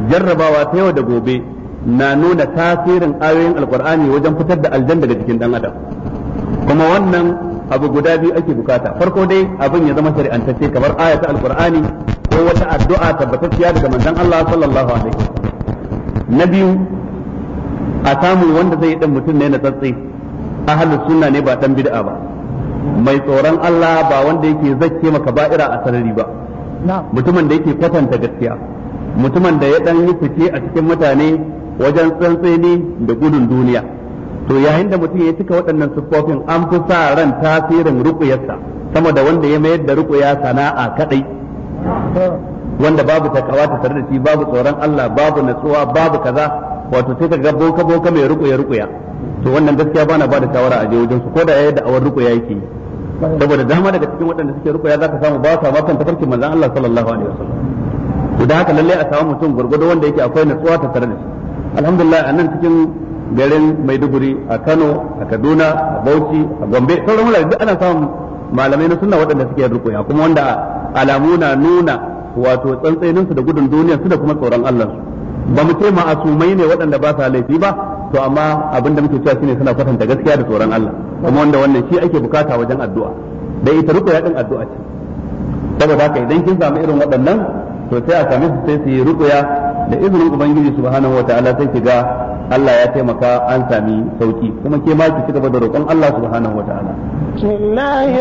jarrabawa ta yau da gobe na nuna tasirin ayoyin alkur'ani wajen fitar da aljan daga jikin dan adam kuma wannan abu guda biyu ake bukata farko dai abin ya zama shari'antacce kamar ayata alkur'ani ko wata addu'a tabbatacciya daga manzon Allah sallallahu alaihi na biyu a samu wanda zai dan mutum ne na tsatsi ahlus sunna ne ba dan bid'a ba mai tsoron Allah ba wanda yake zakke maka ba'ira a sarari ba mutumin da yake kwatanta gaskiya mutumin da ya dan yi fice a cikin mutane wajen tsantseni da gudun duniya to yayin da mutum ya cika waɗannan siffofin an fi sa ran tasirin rukuyarsa sama da wanda ya mayar da rukuya sana'a kaɗai, wanda babu takawa ta tare da shi babu tsoron Allah babu natsuwa babu kaza wato sai ka ga boka boka mai rukuya rukuya to wannan gaskiya bana ba da shawara a je wajen su ko da yayin da awar rukuya yake saboda dama daga cikin waɗanda suke rukuya ka samu ba sa ma kan tafarkin manzon Allah sallallahu alaihi wasallam to da haka lalle a samu mutum gurgudu wanda yake akwai natsuwa ta tare da shi alhamdulillah a nan cikin garin maiduguri a kano a kaduna a bauchi a gombe sauran wurare duk ana samun malamai na sunna waɗanda suke yin rukuya kuma wanda alamu na nuna wato tsantsainin su da gudun duniya su da kuma tsoron Allah su ba mu ce ma'asumai ne waɗanda ba sa laifi ba to amma abin da muke cewa shine suna kwatanta gaskiya da tsoron Allah kuma wanda wannan shi ake bukata wajen addu'a da ita rukuya din addu'a ce saboda haka idan kin samu irin waɗannan to sai a sami su sai su yi ruƙuya da izinin ubangiji subhanahu ta'ala sai ki ga Allah ya taimaka an sami sauki kuma ke ma ki ci gaba da roƙon Allah subhanahu wataala